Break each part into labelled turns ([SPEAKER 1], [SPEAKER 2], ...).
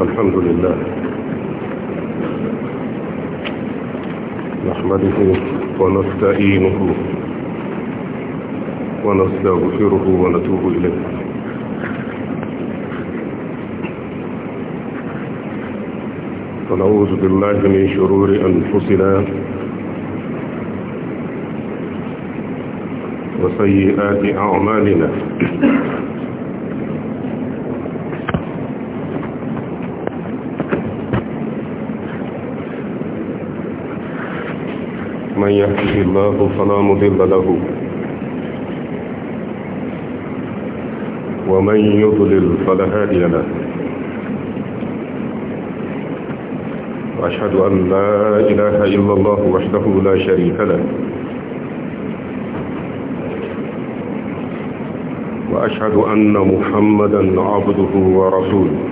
[SPEAKER 1] الحمد لله نحمده ونستعينه ونستغفره ونتوب إليه ونعوذ بالله من شرور أنفسنا وسيئات أعمالنا من يهده الله فلا مضل له ومن يضلل فلا هادي له وأشهد أن لا إله إلا الله وحده لا شريك له وأشهد أن محمدا عبده ورسوله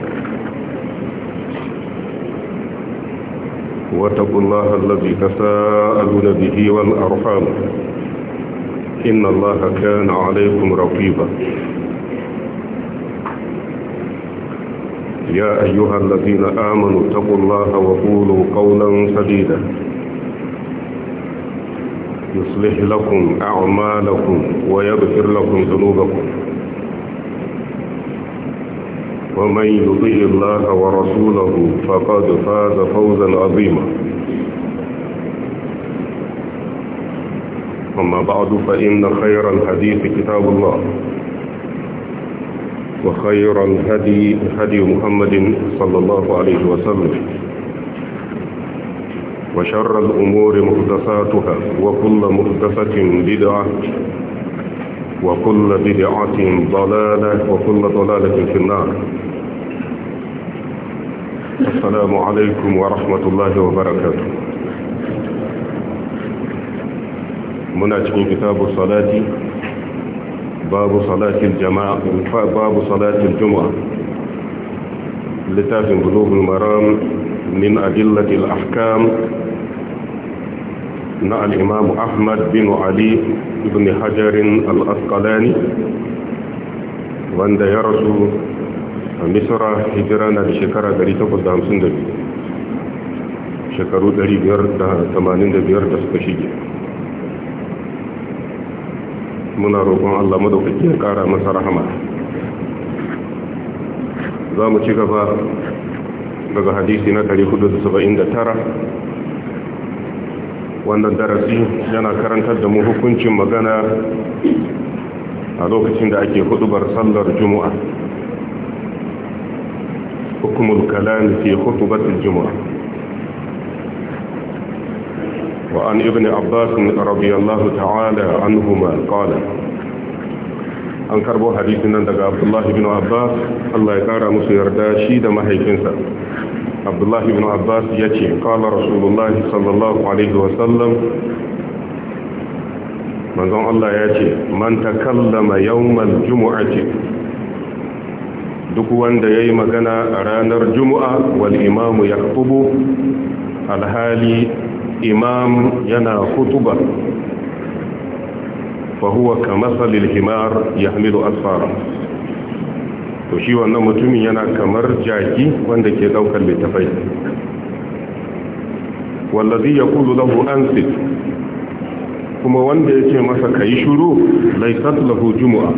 [SPEAKER 1] واتقوا الله الذي تساءلون به والأرحام إن الله كان عليكم رقيبا يا أيها الذين آمنوا اتقوا الله وقولوا قولا سديدا يصلح لكم أعمالكم ويغفر لكم ذنوبكم ومن يطيع الله ورسوله فقد فاز فوزا عظيما أما بعد فإن خير الحديث كتاب الله وخير الهدي هدي محمد صلى الله عليه وسلم وشر الأمور محدثاتها وكل محدثة بدعة وكل بدعة ضلالة وكل ضلالة في النار السلام عليكم ورحمة الله وبركاته مناجم كتاب الصلاة باب صلاة الجماعة باب صلاة الجمعة لتاف بلوغ المرام من أدلة الأحكام مع الإمام أحمد بن علي بن حجر الأسقلاني وأن يرسو a misira, hijira na da shekara 852 shekaru 585 da suka shige muna roƙon allah madaukaki ya ƙara masa rahama za mu ci gaba daga hadisi na 479 wannan darasi yana karantar da mu hukuncin magana a lokacin da ake hudubar sallar juma'a حكم الكلام في خطبة الجمعة وعن ابن عباس رضي الله تعالى عنهما قال an karbo hadisin nan daga abdullahi bin abbas allah ya kara musu yarda shi da mahaifinsa abdullahi bin abbas ya ce kala rasulullahi sallallahu alaihi wasallam manzon allah ya ce man takallama yawmal duk wanda ya yi magana a ranar juma'a wal imamu ya kubu alhali imam yana kutuba fahuwa kamasalil himar ya hamilu asfara to shi wannan mutumin yana kamar jaki wanda ke daukar littafai wallazi ya kulu lahu ansit kuma wanda ya ce masa ka yi shuru laisat lahu juma'a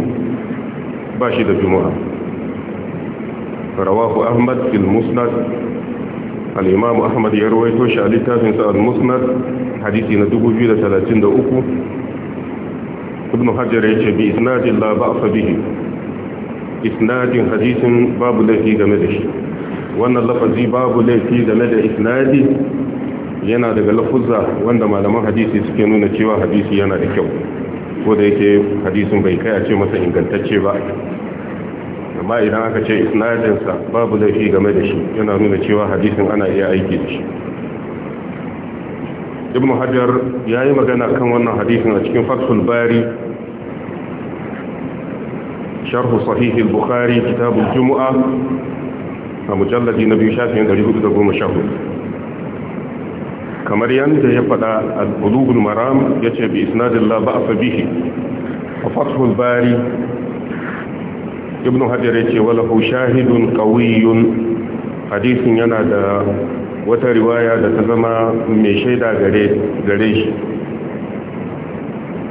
[SPEAKER 1] ba shi da juma'a رواه أحمد في المسند الإمام أحمد ahmad ya rawaito shi a littafin sa al-musnad hadisi na حجر ibn hajar لا بأس به la حديث باب isnadin hadisin babu laifi game da shi wannan lafazi babu laifi game da yana daga lafuzza wanda malaman hadisi suke nuna cewa hadisi yana da kyau ko da yake hadisin bai kai a ce masa ingantacce ba amma idan aka ce isnadinsa babu laifi game da shi yana nuna cewa hadisin ana iya aiki da shi ibn hajar ya yi magana kan wannan hadisin a cikin fathul bari sharhu sahihi al-bukhari kitab al-jumu'a a mujalladi na biyu shafin 414 kamar yadda ya faɗa al-bulugul maram ya ce bi isnadillah ba a bihi a fathul bari ibn hajar ce walahu shahidun qawiyyun hadisin yana da wata riwaya da ta zama mai shaida gare shi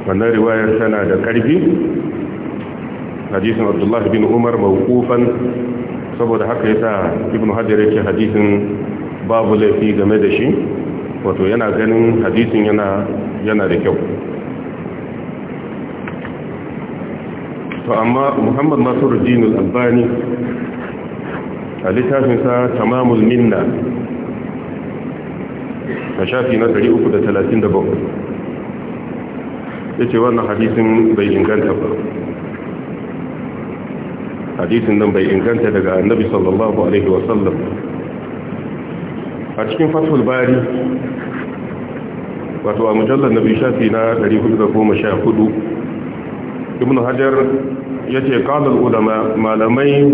[SPEAKER 1] wannan riwayar tana da karfi hadisin abdullahi bin umar mawqufan saboda haka yasa ibn hajar ce hadisin babu laifi game da shi wato yana ganin hadisin yana da kyau to amma muhammad nasiru jini albani a littafinsa tamamul minna a shafi na 337 ya ce wannan hadisin bai inganta ba hadisin nan bai inganta daga annabi sallallahu alaihi wasallam a cikin fatul bari wato a mujallar nabi shafi na 414 ibn hajar yace qalul ulama malamai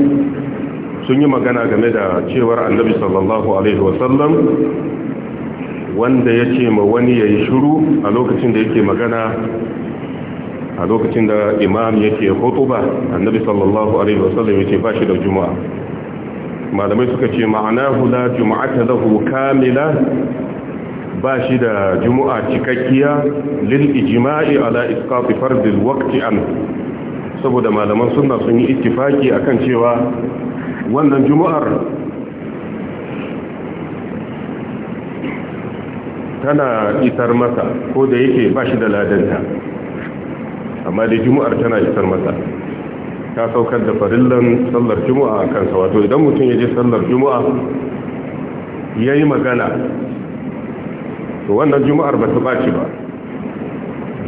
[SPEAKER 1] sun yi magana game da cewar annabi sallallahu alaihi wasallam wanda ya ce ma wani ya yi shuru a lokacin da yake magana a lokacin da imam yake hutuba annabi sallallahu alaihi wasallam ba shi da juma'a malamai suka ce ma'anahu la juma'ata lahu kamila ba shi da juma'a cikakkiya lil ijma'i ala isqati fardil waqti an saboda malaman sunna sun yi ittifaki akan cewa wannan juma'ar tana isar masa ko da yake ba shi da ladanta amma da juma'ar tana isar masa ta saukar da farillan sallar juma'a a kansa wato idan mutum ya je sallar juma'a ya yi magana to wannan juma'ar ba ta ɓaci ba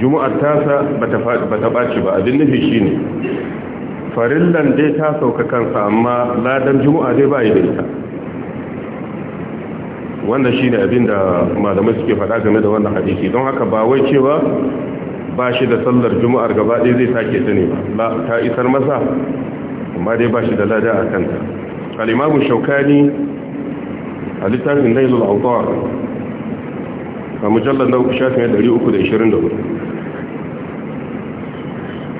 [SPEAKER 1] juma'ar tasa ba ta ɓaci ba abin nufi shi ne farillan dai ta sauka kansa amma ladan juma'a dai ba yi da ita wannan shi ne abin da malamai suke faɗa game da wannan hadisi don haka ba wai cewa ba shi da sallar juma'ar gaba ɗaya zai sake ta ne ba ta isar masa amma dai ba shi da lada a kanta alimamu shaukani a littafin nailul autor a mujallar na uku shafin 324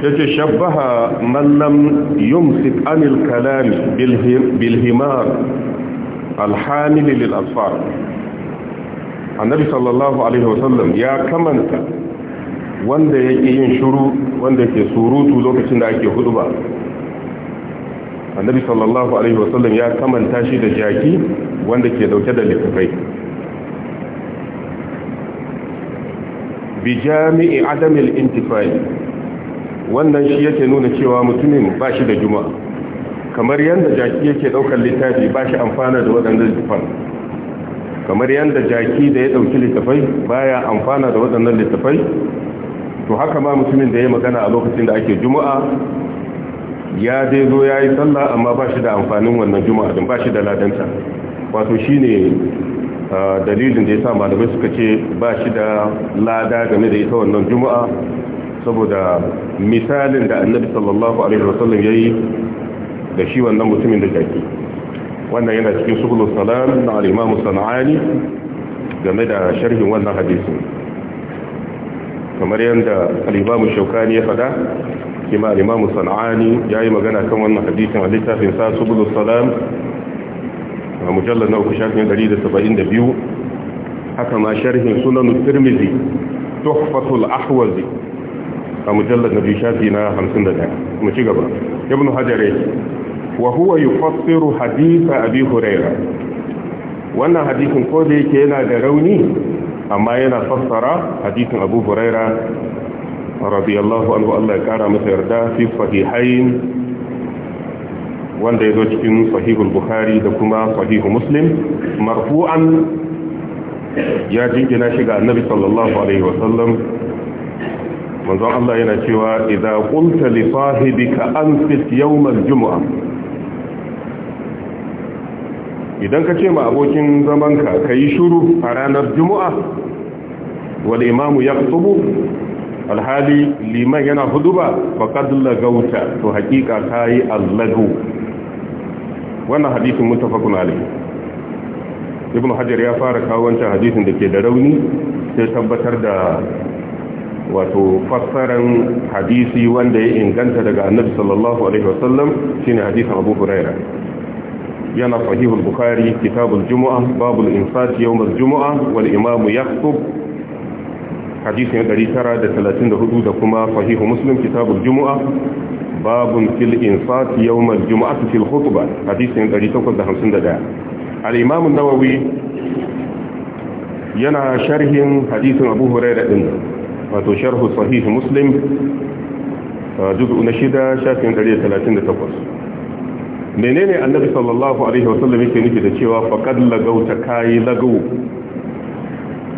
[SPEAKER 1] yace shabbaha man lam yumsik anil kalam bilhimar himar al hamil lil asfar annabi sallallahu alaihi wasallam ya kamanta wanda yake yin shuru wanda ke surutu lokacin da ake huduba annabi sallallahu alaihi wasallam ya kamanta shi da jaki wanda ke dauke da littafai bi jami'i adamil intifai wannan shi yake nuna cewa mutumin ba shi da juma'a kamar yadda jaki yake daukar littafi ba shi amfana da waɗannan littafan kamar yadda jaki da ya ɗauki littafai baya amfana da waɗannan littafai to haka ma mutumin da ya magana a lokacin da ake juma'a ya dai zo ya yi sallah amma ba shi da amfanin wannan juma'a don ba shi da ladanta wato shi ne dalilin da ya sa malamai suka ce ba shi da lada game da ita wannan juma'a saboda misalin da annabi sallallahu alaihi wasallam yayi da shi wannan mutumin da jaki wannan yana cikin subulus salam na al-imam sanani game da sharhin wannan hadisi kamar yadda al-imam shaukani ya fada kima al-imam sanani yayi magana kan wannan hadisi a littafin sa subulus salam a mujallal na uku shafin 172 haka ma sharhin sunan tirmidhi tuhfatul ahwazi a mujallar na shafi na 51 mu ci gaba ibn hajjare wa huwa yufassiru haditha abi huraira wannan hadisin ko da yake yana da rauni amma yana fassara hadisin abu huraira radiyallahu anhu Allah ya kara masa yarda fi sahihain wanda ya zo cikin sahihul bukhari da kuma sahihu muslim marfu'an ya jingina shi ga annabi sallallahu alaihi wasallam manzon Allah yana cewa 'Idan qulta li sahibika anfit yawm al-jum'a idan ka ce ma abokin zamanka kai shiru a ranar juma'a wal imamu yaqtubu alhali liman yana huduba faqad ta to hakika kai allagu wannan hadisin muttafaqun alayhi Ibn hajar ya fara kawo wancan hadisin da ke da rauni sai tabbatar da wato fassaran hadisi wanda ya inganta daga annabi sallallahu alaihi wasallam shine hadisin Abu Huraira yana sahihul Bukhari kitabul Jumu'a babul insat yawmul Jumu'a wal imamu yakhutub hadisin 934 da kuma sahihu Muslim kitabul Jumu'a babun fil insat yawmul Jumu'ati fil khutbah hadisin 851 al-Imam an-Nawawi yana sharhin hadisin Abu Huraira din wato sharhu sahih muslim juz'u na shida shafin 138 menene annabi sallallahu alaihi wasallam yake nufi da cewa faqad lagauta kai lagu?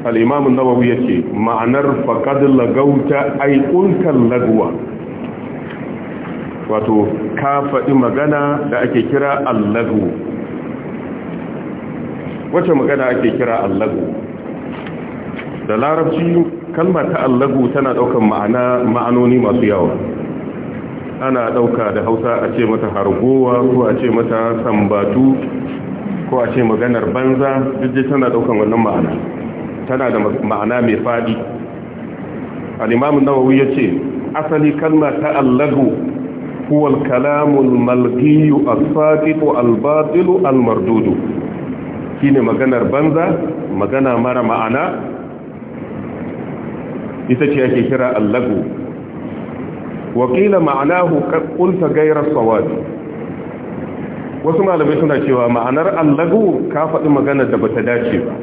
[SPEAKER 1] al-imam an-nawawi yace ma'anar faqad lagauta ay kuntal lagwa wato ka faɗi magana da ake kira allagu wacce magana ake kira allagu da larabci kalma ta'allagu tana daukan ma'ana ma'anoni masu yawa ana dauka da hausa a ce mata hargowa ko a ce mata sambatu ko a ce maganar banza duk tana daukan wannan ma'ana tana da ma'ana mai fadi al-imam an-nawawi yace asali kalma ta'allagu huwa al kalamul malghi as-sadiq al-batil al-mardud shine maganar banza magana mara ma'ana ita ce ake kira allagu wakila ma'anahu kulta gairar sawabi wasu malamai suna cewa ma'anar allagu ka faɗi magana da bata dace ba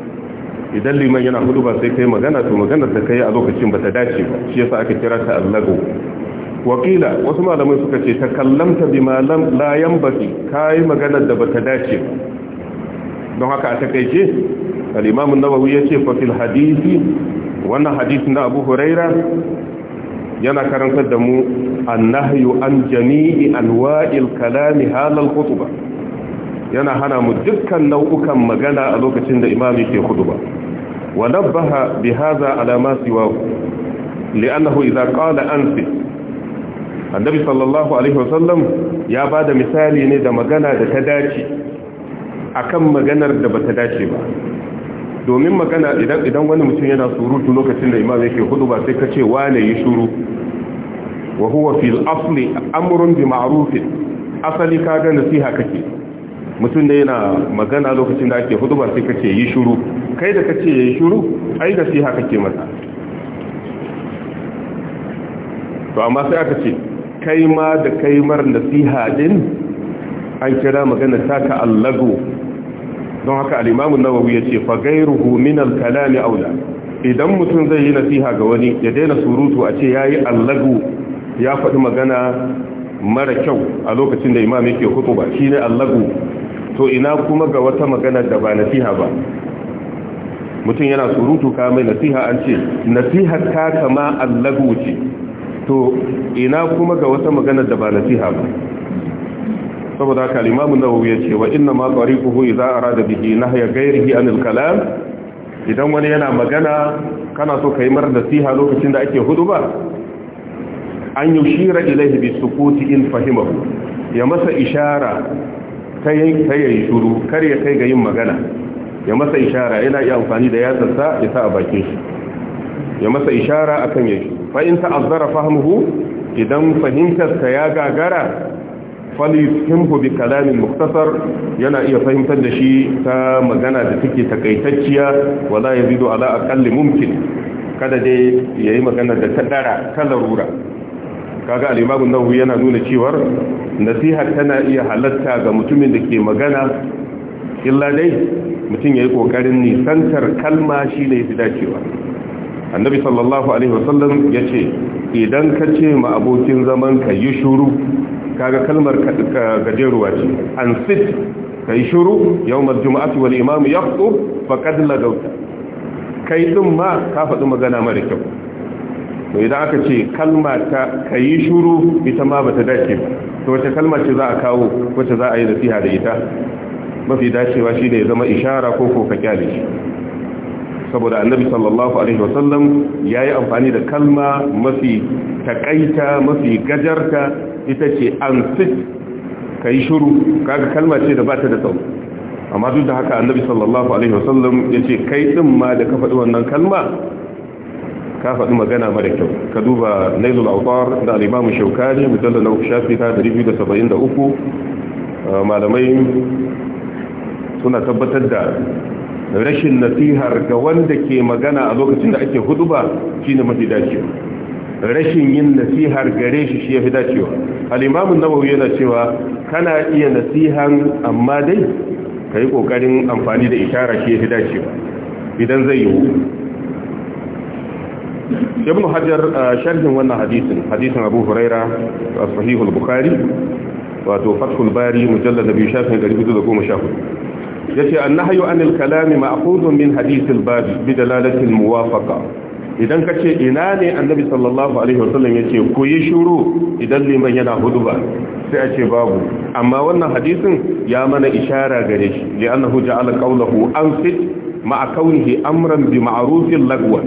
[SPEAKER 1] idan liman yana hudu ba sai kai magana to magana da a lokacin bata dace ba shi yasa aka kira ta allagu wakila wasu malamai suka ce ta kallamta bi malam baki ka yi magana da bata dace ba don haka a takaice al-imam an-nawawi ce fa fil hadisi wannan hadisin na abu huraira yana karantar da mu annahyu an jami'i anwa'il kalami halal khutba yana hana mu dukkan nau'ukan magana a lokacin da imami ke khutba wa nabbaha bi hadha ala ma siwahu li'annahu idza qala anfi annabi sallallahu alaihi wasallam ya bada misali ne da magana da ta dace akan maganar da bata dace ba domin magana idan wani mutum yana surutu lokacin da imam yake hudu ba sai ka ce wane yi shuru wa huwa fil asli amrun bi ma'ruf asali ka ga nasiha kake mutum da yana magana lokacin da ake hudu ba sai ka ce yi shuru kai da kace yi shuru ai da siha kake masa to amma sai aka ce kai ma da kai mar nasiha din an kira magana ta ta'allagu don haka al-imam an-nawawi yace fa ghayruhu min al-kalam aula idan mutum zai yi nasiha ga wani ya daina surutu a ce ya yi allagu ya faɗi magana mara kyau a lokacin da imam yake shi ne allagu to ina kuma ga wata magana da ba nasiha ba mutum yana surutu ka mai nasiha an ce nasihar ta kama allagu ce to ina kuma ga wata magana da ba nasiha ba saboda haka al na an-nawawi yace wa inna ma tariquhu idza arada bihi nahya ghayrihi a kalam idan wani yana magana kana so kai mar nasiha lokacin da ake ba. an yushira ilayhi bi sukuti in fahimahu ya masa ishara ta yi shuru kar ya kai ga yin magana ya masa ishara yana iya amfani da yatsarsa ya sa a bakin shi ya masa ishara akan yayi shuru fa in ta'azzara fahmuhu idan fahimtarsa ya gagara falyufhimhu bi kalamin muktasar yana iya fahimtar da shi ta magana da take takaitacciya wala zido ala aqalli mumkin kada dai yayi magana da ta dara ta rura? kaga al-imamu yana nuna cewar nasiha tana iya halatta ga mutumin da ke magana illa dai mutum yayi ƙoƙarin nisantar kalma shine yafi dacewa annabi sallallahu alaihi wasallam yace idan ka ce ma abokin zamanka ka yi shuru kaga kalmar gajeruwa ce an sit yi shuru yawmal jumu'ati wal imam yaqtu faqad lagawta kai din ma ka faɗi magana mara kyau idan aka ce kalma ta yi shuru ita ma bata dace ba to wace kalma ce za a kawo wace za a yi nasiha da ita mafi dacewa shi da ya zama ishara ko ko ka kyale shi saboda annabi sallallahu alaihi wasallam yi amfani da kalma mafi takaita mafi gajarta ita ce an sit ka yi shuru kaga kalma ce da ba ta da tsawo amma duk da haka annabi sallallahu alaihi wasallam ya ce kai din ma da ka faɗi wannan kalma ka faɗi magana mara kyau ka duba nailul autar da alimamu shaukani mujallar na shafi ta 273 uh, malamai suna tabbatar da rashin nasihar ga wanda ke magana a lokacin da ake hudu ba shine mafi dacewa rashin yin nasihar gare shi shi ya fi dacewa al'imamun nawawi yana cewa kana iya nasihan amma dai ka yi ƙoƙarin amfani da ishara shi ya fi dacewa idan zai yiwu ibn hajar sharhin wannan hadisin hadisin abu huraira a sahihul bukhari wato fathul bari mujallar da biyu shafin 414 yace annahayu anil kalami ma'khudun min hadith al-bab bi dalalati al-muwafaqa idan ka ce ina ne annabi sallallahu alaihi wasallam ya ce ku yi shuru idan liman yana hudu ba sai a ce babu amma wannan hadisin ya mana ishara gare shi li annahu ja'ala qawluhu anfit ma'a kaunihi amran bi ma'rufin lagwa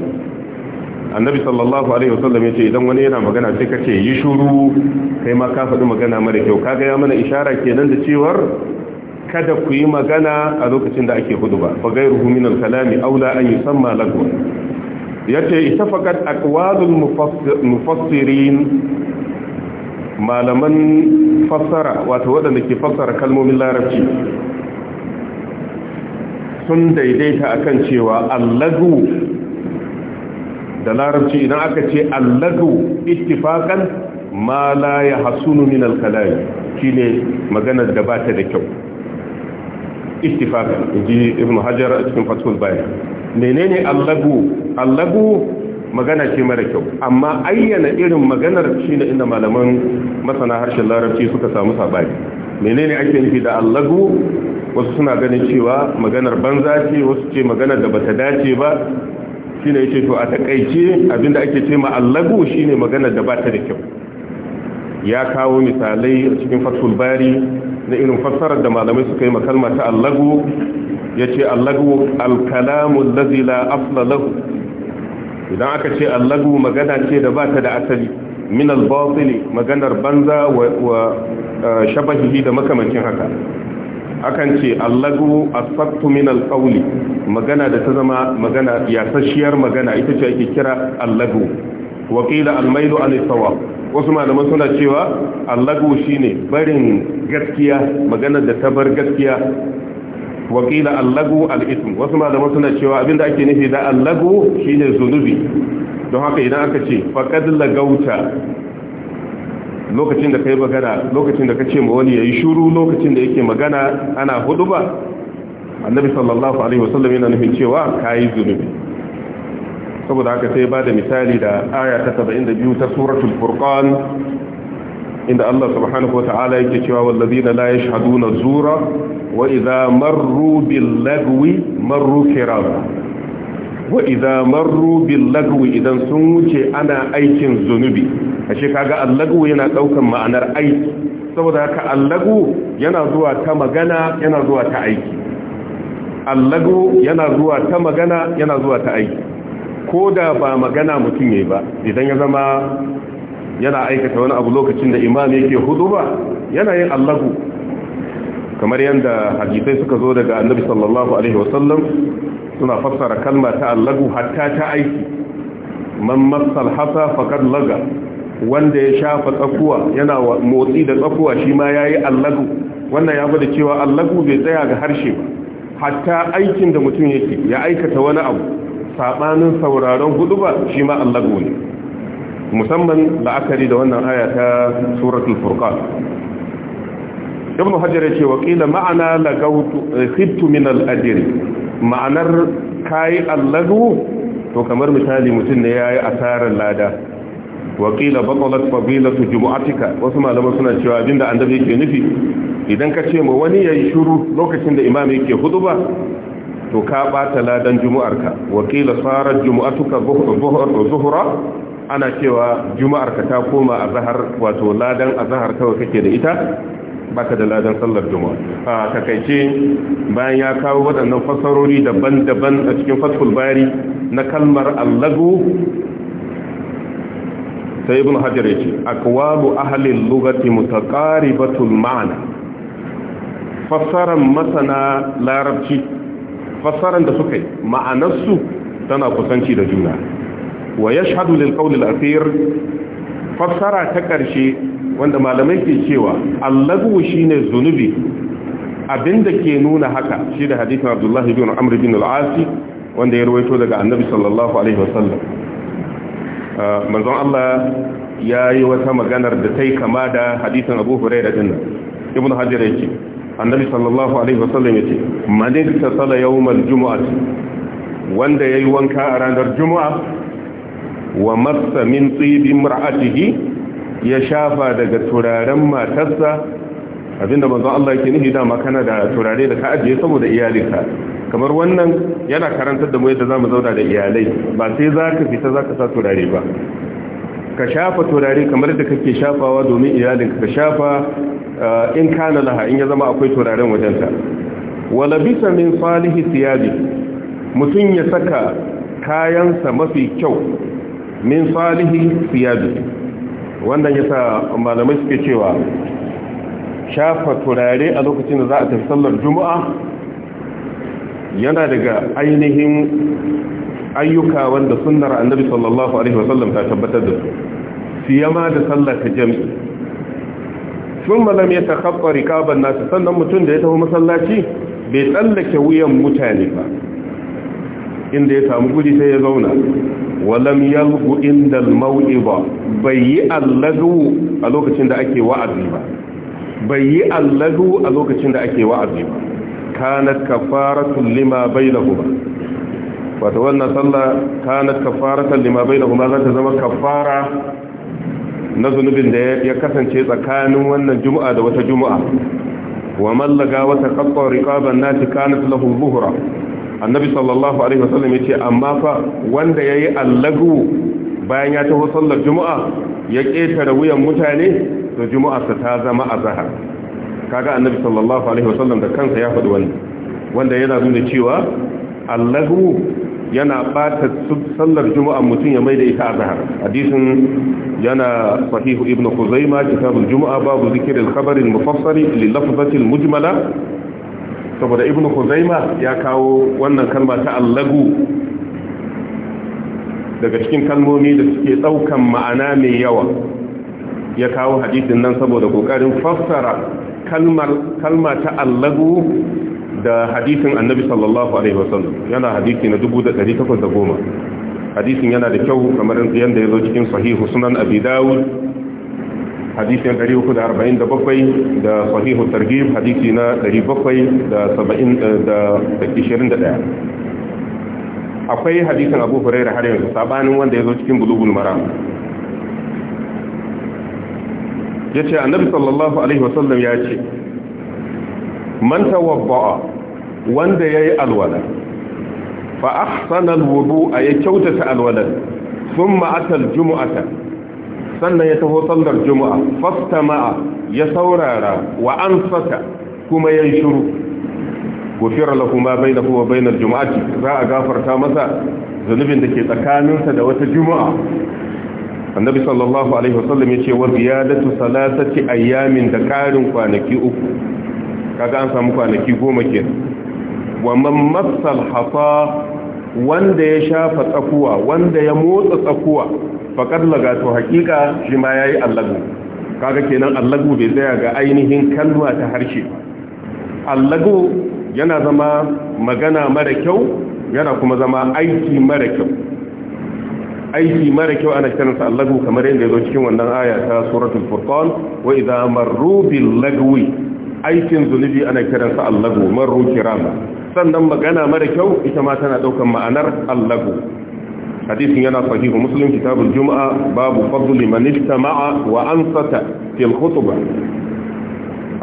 [SPEAKER 1] annabi sallallahu alaihi wasallam yace idan wani yana magana sai kace yi shuru kai ma ka faɗi magana mara kyau kaga ya mana ishara kenan da cewar kada ku yi magana a lokacin da ake hudu ba fa gairuhu min al-kalami aula an yusamma lagwa yace ittafaqat aqwalul mufassirin malaman fassara wato waɗanda ke fassara kalmomin larabci sun daidaita akan cewa allagu da larabci idan aka ce allagu ittifakan ma la ya hasunu min alkalai shine maganar da ba ta da kyau ittifakan inji ibn hajar cikin fatul bayan menene allagu? Allagu magana ce mara kyau amma ayyana irin maganar shi ne inda malaman masana harshen larabci suka samu sabani menene ake nufi da allagu wasu suna ganin cewa maganar banza ce wasu ce maganar da bata dace ba shine yace to a takaice abinda ake ce ma allagu shine maganar da bata da kyau ya kawo misalai cikin fatul bari na irin fassarar da malamai suka yi makalma ta allagu ya ce allagu alkalamun lazila aflalahu idan aka ce allagu magana ce da ba ta da asali min albatili maganar banza wa uh, shabahihi da makamancin haka akan ce allagu asabtu min alqawli magana da ta zama magana yasasshiyar magana ita ce ake kira allagu Wakila qila almailu an wasu malaman suna cewa allagu shine barin gaskiya magana da ta bar gaskiya wakila allagu al'ism wasu malaman suna cewa abinda ake nufi da allagu shine zunubi don haka idan aka ce faƙad lagauta lokacin da ka yi magana lokacin da ka ce ma wani ya yi shuru lokacin da yake magana ana hudu ba annabi sallallahu alaihi wasallam yana nufin cewa ka yi zunubi saboda haka sai ba da misali da aya ta 72 ta suratul furqan inda Allah subhanahu wata'ala yake cewa wallazina la yashhaduna zura wa idza marru bil lagwi marru kirama wa idza marru bil lagwi idan sun wuce ana aikin zunubi ashe kaga al-lagwi yana daukan ma'anar aiki saboda haka al yana zuwa ta magana yana zuwa ta aiki al yana zuwa ta magana yana zuwa ta aiki ko da ba magana mutum ne ba idan ya zama yana aikata wani abu lokacin da imam yake hudu ba yana yin allahu kamar yadda hadisai suka zo daga annabi sallallahu alaihi wasallam suna fassara kalma ta allahu hatta ta aiki man massal hasa faqad laga wanda ya shafa tsakuwa yana motsi da tsakuwa shi ma yayi allahu wannan ya bada cewa allahu bai tsaya ga harshe ba hatta aikin da mutum yake ya aikata wani abu sabanin sauraron hudu ba shi ma Allah ne musamman la'akari da wannan aya ta suratul furqan ibn hajar yace wa qila ma'ana lagawtu eh, khiftu min al-ajr ma'anar kai allagu to kamar misali mutun ne yayi asarar lada wa qila batalat fadilatu jumu'atika wasu malaman suna cewa abinda annabi yake nufi idan ka ce ma wani yayi shiru lokacin da imami yake ba. to ka bata ladan juma'arka wakila sarar jumu'atuka zuhura ana cewa juma'arka ta koma a zahar wato ladan a zahar kawai kake da ita baka da ladan sallar juma'a a takaice bayan ya kawo waɗannan fasarori daban-daban a cikin fatul bari na kalmar allagu sai ibn hajar ya ce akwalu ahalin lugati mutaqaribatul ma'ana fassaran masana larabci fassaran da suka yi ma'anarsu tana kusanci da juna wa yashhadu lil qawl al akhir fassara ta ƙarshe, wanda malamai ke cewa allagu shine zunubi abinda ke nuna haka shi da hadisin abdullahi ibn Amr bin al-As wanda ya rawaito daga Annabi sallallahu alaihi wasallam uh, manzon Allah yayi wata maganar da tai kama da hadisin Abu Hurairah din Ibn ya yake annabi sallallahu alaihi wasallam yace man ittasala yawmal jumu'ati wanda yayi wanka a ranar juma'a wa massa min tibi imra'atihi ya shafa daga turaren matarsa abinda manzo Allah yake nufi dama kana da turare da ka ajiye saboda iyalinka kamar wannan yana karantar da mu yadda zamu zauna da iyalai ba sai zaka fita zaka sa turare ba ka shafa turare kamar da kake shafawa domin iyalinka ka shafa uh, in kana laha in ya zama akwai turaren wajenta wala bisa min salihi siyabi mutum ya saka kayansa mafi kyau min salihi siyabi wannan yasa malamai suke cewa shafa turare a lokacin da za a tafi sallar juma'a yana daga ainihin ayyuka wanda sunnar annabi sallallahu alaihi wasallam ta tabbatar da su siyama da sallah ta jami'i sun malam ya takhabba riqaban nas sannan mutum da ya taho masallaci bai tsallake wuyan mutane ba inda ya samu gudi sai ya zauna walam yalgu inda al ba bai yi allazu a lokacin da ake wa'azi ba bai yi allazu a lokacin da ake wa'azi ba kanat kafaratun lima bainahuma Wata wannan sallah kafaratar kafaratan lima kuma za ta zama kafara na zunubin da ya kasance tsakanin wannan juma'a da wata juma'a wa mallaga wata kakkon rikabar nati kanat lahu annabi sallallahu alaihi wasallam yace amma fa wanda yayi allagu bayan ya taho sallar juma'a ya ƙetare wuyan mutane da juma'arsa ta zama azhar kaga annabi sallallahu alaihi wasallam da kansa ya faɗi wani wanda yana nuna cewa allagu. yana bata sallar juma'a mutum ya mai da ita azhar hadisin yana sahihu ibnu khuzaima kitabul juma'a babu zikr al-khabar al-mufassal li lafzati al-mujmala saboda ibnu khuzaima ya kawo wannan kalma ta allagu daga cikin kalmomi da suke daukan ma'ana mai yawa ya kawo hadisin nan saboda kokarin fassara kalmar kalma ta allagu da hadisin annabi sallallahu alaihi wasallam yana hadisi na 1810 hadisin yana da kyau kamar yadda ya zo cikin sahihu sunan abi dawud hadisin 347 da sahihu targhib hadisi na eh, da da 771 akwai hadisin abu huraira har yanzu sabanin wanda ya zo cikin bulugul maram Yace annabi sallallahu alaihi wasallam ya ce man tawabba'a wanda ya yi alwala fa ahsana a ya kyautata alwalar sun ma'atar jumu'ata sannan ya taho sallar juma'a ma'a ya saurara wa ansata kuma ya shiru gufira lahu ma bainahu wa bainar juma'ati za a gafarta masa zunubin da ke tsakaninsa da wata juma'a annabi sallallahu alaihi wasallam ya ce wa ziyadatu salasati ayyamin da karin kwanaki uku kaga an samu kwanaki goma kenan wa man massal wanda ya shafa tsakuwa wanda ya motsa tsakuwa faqad lagato hakika shi ma yayi allagu kaga kenan allagu bai tsaya ga ainihin kalma ta harshe allagu yana zama magana mara kyau yana kuma zama aiki mara kyau aiki mara kyau ana kiransa allagu kamar yadda ya zo cikin wannan aya ta suratul furqan wa idza marru bil lagwi aikin zunubi ana kiransa allagu marru kirama sannan magana mara kyau ita ma tana daukan ma'anar allagu hadisin yana sahihu muslim kitabul juma'a babu fadli man istama'a wa ansata fil khutbah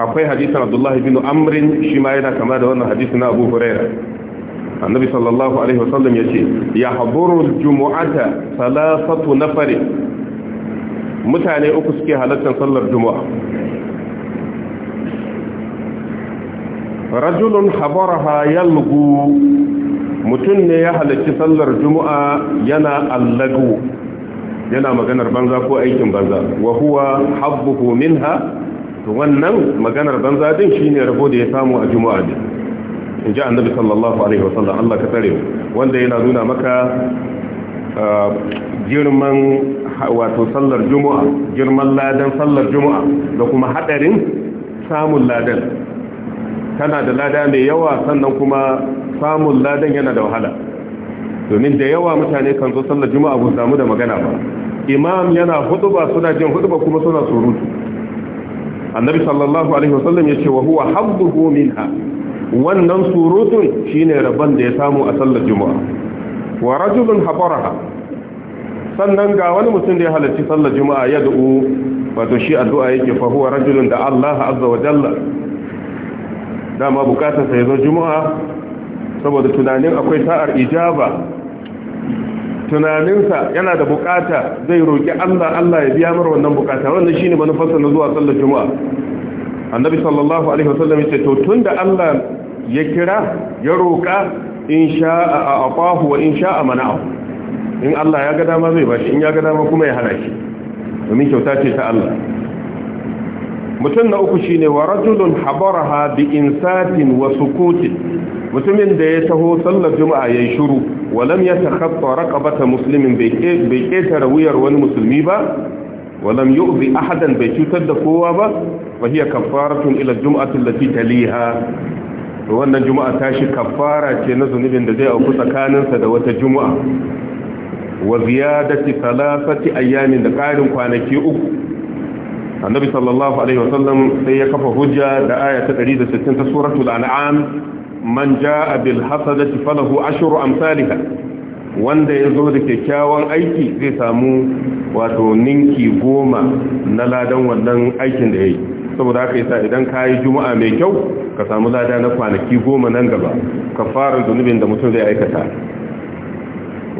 [SPEAKER 1] akwai hadisin abdullah ibn amr shi ma yana kama da wannan hadisin na abu huraira annabi sallallahu alaihi wasallam yace ya haburu salafatu salasatu nafari mutane uku suke halartar sallar juma'a rajulun habaraha yalgu mutum ne ya halarci sallar juma'a yana allagu yana maganar banza ko aikin banza wa huwa habbuhu minha to wannan maganar banza din shine rabo da ya samu a juma'a din in ji annabi sallallahu alaihi sallam. Allah ka tsare wanda yana nuna maka ah, girman wato sallar juma'a girman ladan sallar juma'a da kuma hadarin samun ladan tana da lada mai yawa sannan kuma samun ladan yana da wahala domin da yawa mutane kan zo sallar juma'a ba samu da magana ba imam yana huduba suna jin huduba kuma suna surutu annabi sallallahu alaihi wasallam ya ce wa huwa habbuhu minha wannan surutun shine rabban da ya samu a sallar juma'a wa rajulun habaraha sannan ga wani mutum da ya halarci sallar juma'a ya da'u wato shi addu'a yake fa huwa rajulun da Allah azza wa jalla dama bukatarsa ya zo juma'a saboda tunanin akwai sa'ar ijaba tunaninsa yana da bukata zai roƙi Allah Allah ya biya mar wannan bukata wannan shine manufarsa na zuwa sallar juma'a annabi sallallahu alaihi wasallam yace to tunda Allah ya kira ya roƙa in sha'a wa in sha'a in Allah ya ga dama zai bashi in ya ga dama kuma ya hana shi domin kyauta ce ta Allah mutum na uku shine wa rajulun habaraha bi insatin wa sukutin mutumin da ya taho sallar juma'a yayin shiru wa lam yatakhatta raqabata muslimin bai ketara wuyar wani musulmi ba wa lam yu'zi ahadan bai cutar da kowa ba wa hiya kaffaratun ila jum'ati allati taliha to wannan juma'a ta shi kaffara ce na zunubin da zai auku tsakaninsa da wata juma'a wa ziyadati thalathati ayamin da karin kwanaki uku annabi sallallahu alaihi wasallam sai ya kafa hujja da aya ta ɗari 160 ta suratul an'am man jaa bil hasadati falahu ashru amsalika wanda ya zo da kyakkyawan aiki zai samu wato goma na ladan wannan aikin da ya yi saboda haka sa idan ka yi juma'a mai kyau ka samu lada na kwanaki goma nan gaba ka fara zunubin da mutum zai aikata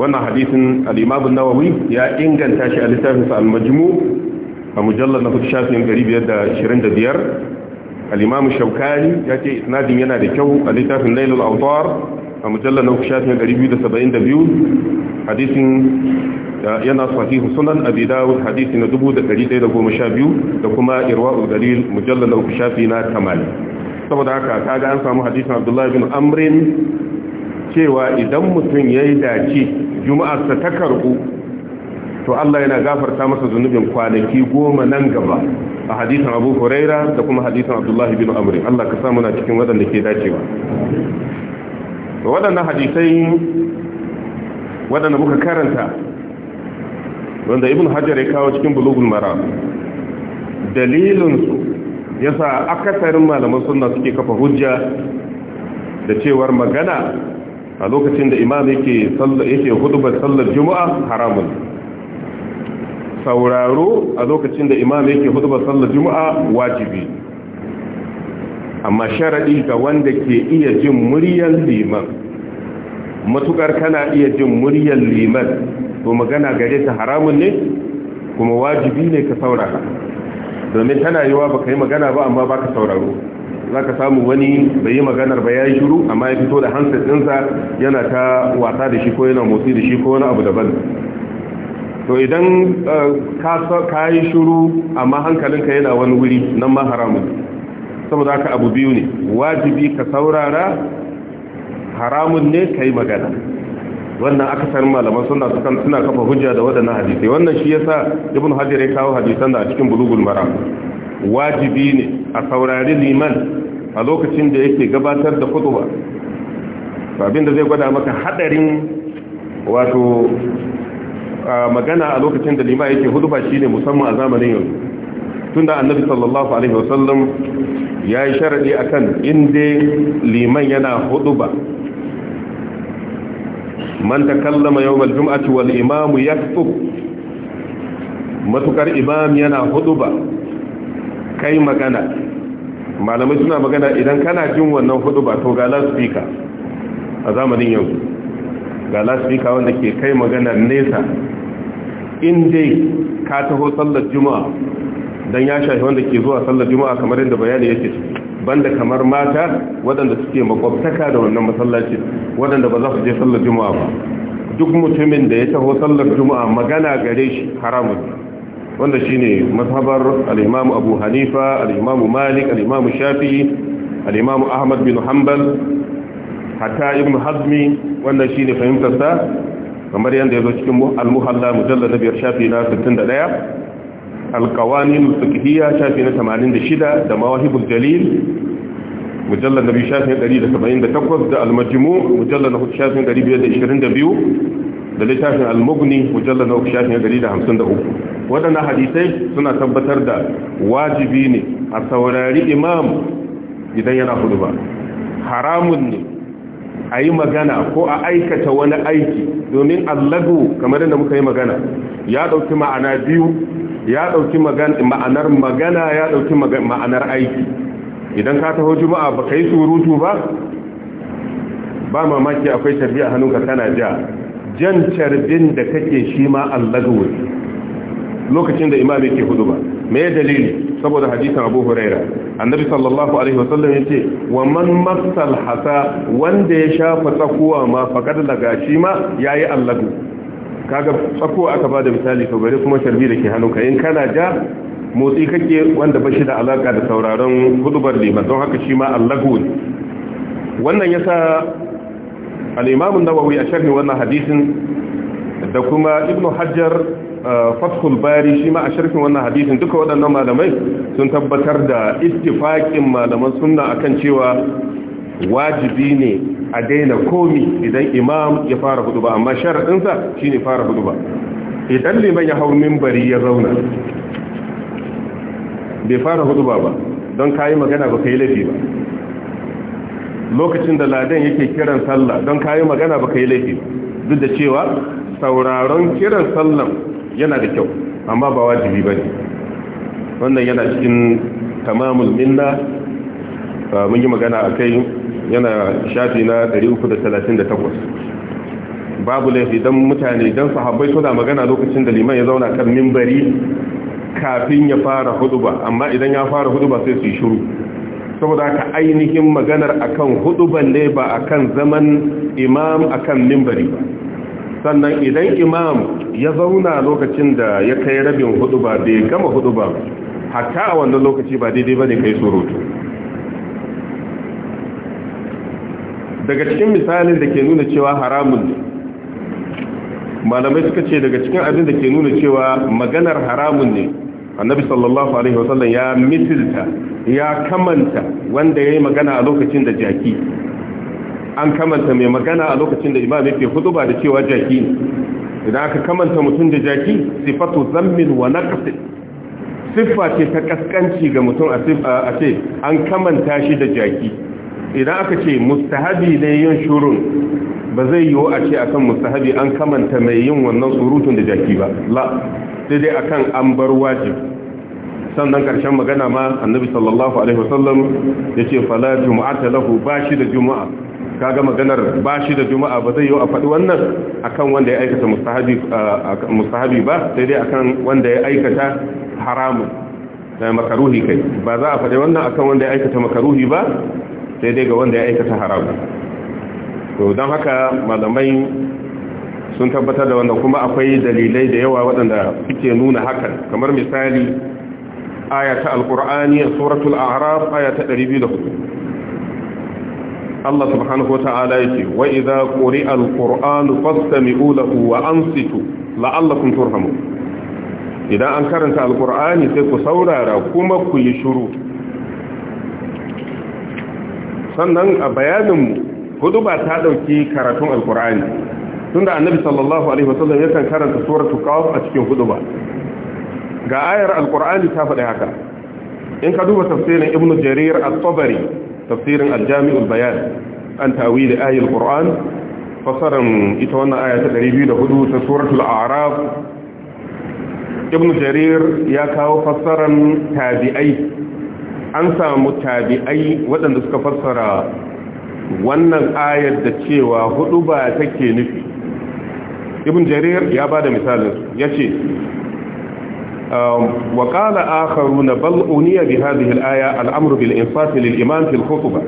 [SPEAKER 1] wannan hadisin al-imam nawawi ya inganta shi a littafinsa sa a mujallar na hudu shafin 525 al'imamu shaukani ya ce isnadin yana da kyau a littafin lailul autar a mujallar na hudu shafin 272 hadisin yana sahihu sunan abidawun hadisi na 1112 da kuma irwa'u dalil mujallar na hudu shafi na 80 saboda haka ga an samu hadisin abdullahi bin amrin cewa idan mutum ya yi dace juma'arsa ta karbu to Allah yana gafarta masa zunubin kwanaki goma nan gaba a hadisan Abu Huraira da kuma hadisan Abdullahi bin Amr Allah ka sa muna cikin waɗanda ke dacewa waɗannan hadisai waɗanda muka karanta wanda Ibn Hajar ya kawo cikin Bulughul Maram dalilin su yasa akasarin malaman sunna suke kafa hujja da cewar magana a lokacin da imam yake yake hudubar sallar juma'a haramun sauraro a lokacin da imam yake hudu sallar juma'a wajibi amma sharaɗi ga wanda ke iya jin muryar liman matukar kana iya jin muryar liman to magana gare ta haramun ne kuma wajibi ne ka saurara domin tana yiwa ba ka yi magana ba amma ba ka sauraro za ka samu wani bai yi maganar ba ya yi shuru amma ya fito da hansa ɗinsa yana ta wasa da shi ko yana motsi da shi ko wani abu daban to idan eh, ka yi shuru amma hankalinka yana wani wuri nan ma haramun saboda haka abu biyu ne wajibi ka saurara haramun ne ka yi magana wannan aka san malaman suna sukan suna kafa hujja da waɗannan hadisai wannan shi yasa ibn hajar ya kawo hadisan da a cikin bulugul maram wajibi ne a saurari liman a lokacin da yake gabatar da kutuba abin da zai gwada maka hadarin wato magana a lokacin da lima yake huduba shine musamman a zamanin yanzu tunda annabi sallallahu alaihi wasallam ya yi sharadi akan inda liman yana huduba man takallama yawmal jum'ati wal imamu yaktub matukar imam yana ba kai magana malamai suna magana idan kana jin wannan ba to ga loudspeaker a zamanin yanzu ga lasfika wanda ke kai maganar nesa in dai ka taho sallar juma'a don ya shafi wanda ke zuwa sallar juma'a kamar yadda bayani yake banda kamar mata waɗanda suke makwabtaka da wannan masallaci waɗanda ba za su je sallar juma'a ba duk mutumin da ya taho sallar juma'a magana gare shi haramun wanda shine mazhabar al-imam Abu Hanifa alimamu Malik alimamu Shafi, Shafi'i imam Ahmad bin Hanbal hatta ibn hazmi wannan shi ne fahimtarsa kamar yadda ya zo cikin al-muhalla mujallar na biyar shafi na 61 alkawanin fiqhiyya shafi na 86 da mawahibul jalil mujallar na biyu na 178 da almajimu mujallar na hudu na 222 da littafin almugni mujallar na uku na 153 waɗannan hadisai suna tabbatar da wajibi ne a saurari imam idan yana hudu ba haramun ne a yi magana ko a aikata wani aiki domin allagu kamar da muka yi magana ya ɗauki ma'ana biyu ya ɗauki ma'anar magana ya ɗauki ma'anar aiki idan ka taho juma'a ba ka yi surutu ba ba mamaki akwai tarbiya hannunka kana ja jan carbin da kake shi ma allagu lokacin da imam yake hudu ba me dalili saboda hadisin Abu Huraira annabi sallallahu alaihi wasallam yace wa man masal hasa wanda ya shafa tsakuwa ma faqad daga ma yayi allahu kaga tsakuwa aka bada misali to bare kuma sharbi dake hannunka in kana ja motsi kake wanda bashi da alaka da sauraron hudubar liman don haka shi ma ne. wannan yasa al-imam an-nawawi a sharhi wannan hadisin da kuma ibnu hajjar fathul bari shi ma a sharfin wannan hadisin duka waɗannan malamai sun tabbatar da ittifaqin malaman sunna akan cewa wajibi ne a daina komi idan imam ya fara hudu ba amma sharaɗinsa shi ne fara hudu ba idan liman ya hau mimbari ya zauna bai fara hudu ba ba don kayi magana ba ka yi laifi ba lokacin da ladan yake kiran sallah don kayi magana ba ka yi laifi duk da cewa sauraron kiran sallah yana da kyau amma ba wajibi ba ne wannan yana cikin tamamul minna mun yi magana a kai yana shafi na 338 babu laifi don mutane don sahabbai suna magana lokacin da liman ya zauna kan mimbari kafin ya fara huduba amma idan ya fara huduba sai su yi shuru saboda haka ainihin maganar akan huduban ne ba akan zaman imam akan mimbari sannan idan imam ya zauna lokacin da ya kai rabin hudu ba bai gama hudu ba hatta a wannan lokaci ba daidai ba ne kai surutu daga cikin misalin da ke nuna cewa haramun ne malamai suka ce daga cikin abin da ke nuna cewa maganar haramun ne annabi sallallahu alaihi wasallam ya misilta ya kamanta wanda ya yi magana a lokacin da jaki an kamanta mai magana a lokacin da imam yake hudu ba da cewa jaki ne idan aka kamanta mutum da jaki sifatu zammin wa naqsin siffa ce ta kaskanci ga mutum a ce an kamanta shi da jaki idan aka ce mustahabi ne yin shurun ba zai yiwu a ce akan mustahabi an kamanta mai yin wannan surutun da jaki ba la sai dai akan an bar wajib sannan karshen magana ma annabi sallallahu alaihi wasallam yace fala jumu'ata lahu bashi da juma'a kaga maganar ba shi da juma'a ba zai yi a faɗi wannan akan wanda ya aikata mustahabi ba sai dai akan wanda ya aikata haramun da makaruhi kai ba za a faɗi wannan akan wanda ya aikata makaruhi ba sai dai ga wanda ya aikata haramun to don haka malamai sun tabbatar da wannan kuma akwai dalilai da yawa waɗanda suke nuna hakan kamar misali ayata ta alƙur'ani suratul a'raf ayata 204 Allah subhanahu wata'ala yake wa idza quri'a al-qur'anu fastami'u lahu wa ansitu la'allakum turhamun idan an karanta al-qur'ani sai ku saurara kuma ku yi shiru sannan a bayanin hudu ba ta dauki karatun al-qur'ani tunda annabi sallallahu alaihi wasallam kan karanta suratu qaf a cikin hudu ba ga ayar al-qur'ani ta faɗi haka in ka duba tafsirin ibnu jarir at-tabari tafsirin aljami'ul bayan an da ayatul qur'an fasaran ita wannan aya 204 ta suratul a'raf ibn jarir ya kawo fasarar tabi'ai an samu tabi'ai waɗanda suka fassara wannan ayar da cewa hudu ba take nufi ibn jarir ya ba da misalin ya ce وقال آخرون بل أني بهذه الآية الأمر بالإنصاف للإمام في الخطبة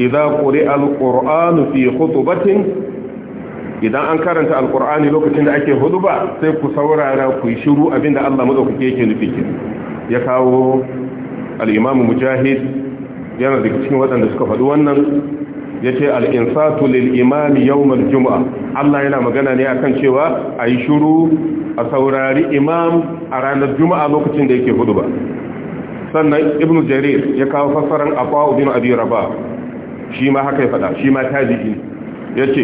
[SPEAKER 1] إذا قرأ القرآن في خطبة idan an karanta Alƙur'ani lokacin da ake hudu ba sai ku saurara ku shiru abin da Allah madaukake yake nufi ke ya kawo al mujahid yana daga cikin waɗanda suka faɗi wannan ya ce al-insatu lil-imam yawmal juma'a Allah yana magana ne akan cewa a yi shiru a saurari imam a ranar juma'a lokacin da yake hudu ba sannan ibn jarir ya kawo fassarar afuwa bin abi raba shi ma haka ya fada shi ma ta tabi'i ya ce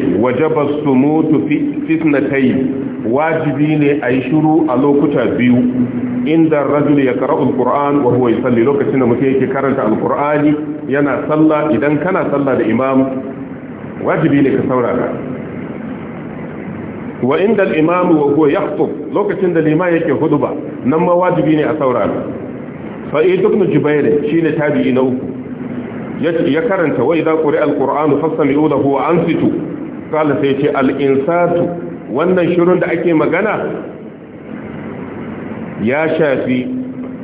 [SPEAKER 1] ba su mutu fitnatai wajibi ne a yi shuru a lokuta biyu inda rajul ya kara alkur'an wa huwa salli lokacin da mutum yake karanta alkur'ani yana sallah idan kana sallah da imam wajibi ne ka saurara wa inda al wa huwa lokacin da lima yake ba nan ma wajibi ne a saurara fa ibn jubair shine tabi'i na uku ya karanta wa ƙuri quri'a al-qur'anu fastami'u lahu wa ansitu kala sai ce al-insatu wannan shirin da ake magana ya shafi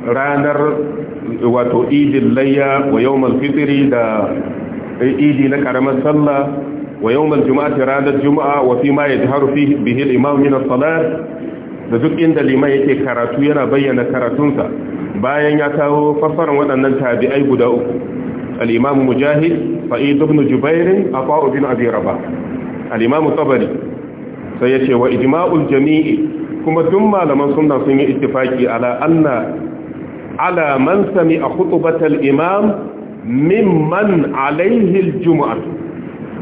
[SPEAKER 1] ranar wato idin layya wa yau fitri da eh, idi na ƙaramar sallah wa yawmal juma'ati ranar juma'a wa fi ma yajharu fihi bihi da duk inda liman yake karatu yana bayyana karatunsa bayan ya kawo farfaran waɗannan tabi'ai guda uku al-imam mujahid sa'id ibn jubair afa ibn abi rabah tabari sai yace wa ijma'ul jami'i kuma duk malaman sunna sun yi ittifaki ala anna ala man sami'a khutbatal imam mimman alaihi al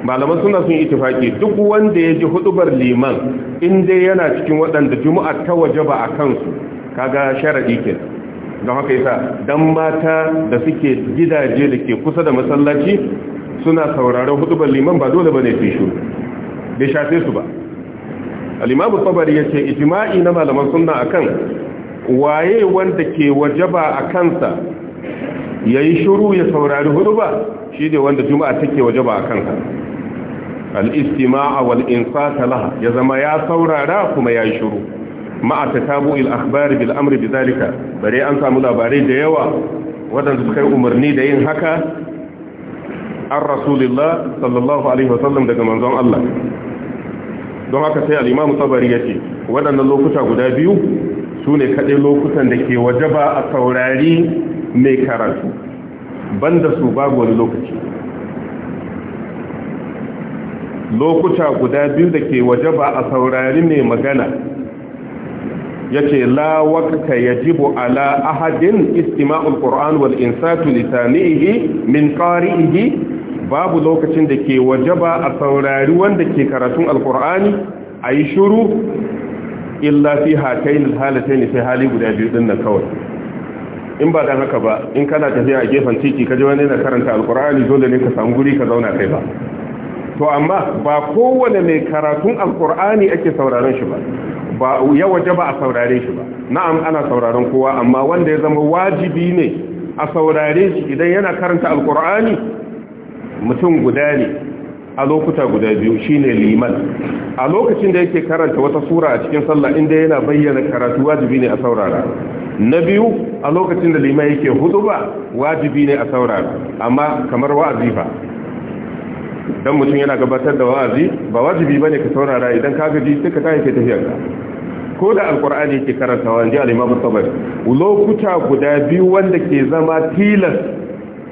[SPEAKER 1] malaman suna sun itifaki duk wanda ya ji hudubar liman in dai yana cikin waɗanda juma'a ta waje ba a kansu kaga sharaɗi ke don haka yasa dan mata da suke gidaje da ke kusa da masallaci suna sauraron hudubar liman ba dole bane su shi bai shafe su ba al-imamu tabari yace ijma'i na malaman sunna akan waye wanda ke wajaba a kansa yayi shuru ya saurari huduba shi ne wanda juma'a take wajaba a kansa al-istima'a wal insata laha ya zama ya saurara kuma ya shiru ma'a bu'il akhbar bil amri zalika. bare an samu labarai da yawa waɗanda suka yi umarni da yin haka an rasulillah sallallahu alaihi wasallam daga manzon Allah don haka sai al Tsabar ya yace waɗannan lokuta guda biyu su ne kaɗai lokutan da ke wajaba a saurari mai karatu banda su babu wani lokaci lokuta guda biyu da ke waje ba a saurari mai magana ya ce lawakta ya jibo ala ahadin istima'ul ƙoran wal insatu litanihi min ƙari'ihi babu lokacin da ke waje ba a saurari wanda ke karatun alƙorani a yi shuru illa fi hakain halatai sai hali guda biyu ɗin na kawai in ba dan haka ba in kana tafiya a gefen titi kaji wani na karanta alƙorani dole ne ka samu guri ka zauna kai ba to amma ba kowane mai karatun alkur'ani ake sauraron shi ba ba ya waje ba a saurare shi ba na'am ana sauraron kowa amma wanda ya zama wajibi ne a saurare shi idan yana karanta alkur'ani mutum guda ne a lokuta guda biyu shine liman a lokacin da yake karanta wata sura a cikin sallah inda yana bayyana karatu wajibi ne a saurara na biyu a lokacin da liman yake hudu ba wajibi ne a saurara amma kamar wa'azi ba dan mutum yana gabatar da wa'azi ba wajibi ne ka saurara idan ka gaji sai ka tafi ka tafi ko da alqur'ani yake wa inji al-imam tabari lokuta guda biyu wanda ke zama tilas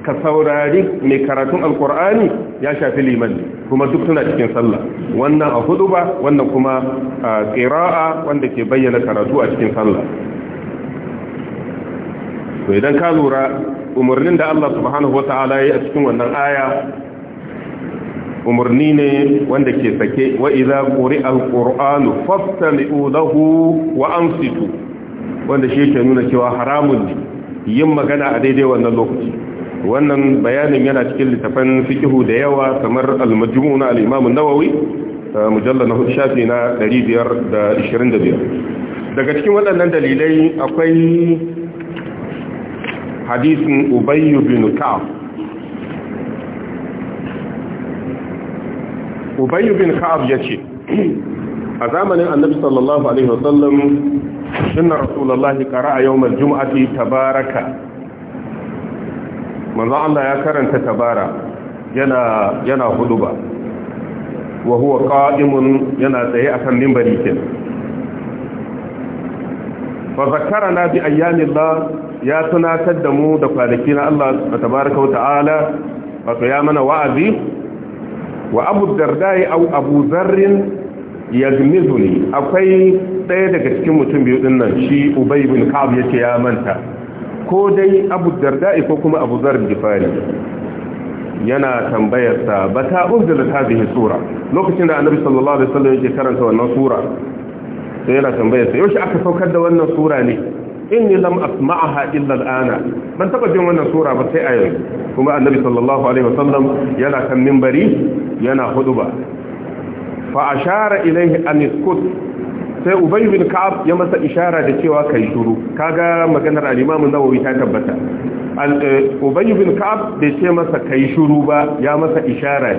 [SPEAKER 1] ka saurari mai karatun alqur'ani ya shafi liman kuma duk suna cikin sallah wannan a ba wannan kuma qira'a wanda ke bayyana karatu a cikin sallah to idan ka lura umarnin da Allah subhanahu wataala ya yi a cikin wannan aya umarni ne wanda ke sake wa iza kuri alqur'anu fastami'u lahu wa wanda shi ke nuna cewa haramun ne yin magana a daidai wannan lokaci wannan bayanin yana cikin littafan fikihu da yawa kamar al-majmu' na al-imam an-nawawi mujallal na shafi na 525 daga cikin waɗannan dalilai akwai hadisin ubayy bin ka'ab ubayyu bin ka'ab yace a zamanin annabi sallallahu alaihi wasallam sunna rasulullahi qara'a yawmal jum'ati tabaraka manzo Allah ya karanta tabara yana yana huduba wa huwa qa'imun yana tsaye akan minbari kin fa zakkarana bi ayyamillah ya tunatar da mu da kwanaki na Allah tabaraka wa ta'ala wato ya mana wa'azi wa abu dardai au abu zarrin gnizuli akwai ɗaya daga cikin mutum biyu din nan shi ubay bin ka'ab yace ya manta ko dai abu dardai ko kuma abu zarrin gifari yana tambayar sa ta unzila hadhihi sura lokacin da annabi sallallahu alaihi wasallam yake karanta wannan sura sai yana tambayar sa yaushe aka saukar da wannan sura ne inni lam asma'aha illa al'ana ban taba jin wannan sura ba sai a yanzu kuma annabi sallallahu alaihi wasallam yana kan minbari yana huduba fa ashara ilaihi an iskut sai ubay bin ka'ab ya masa ishara da cewa kai shuru kaga maganar al-imam an-nawawi ta tabbata eh, ubay bin ka'ab bai ce masa kai shuru ba ya masa ishara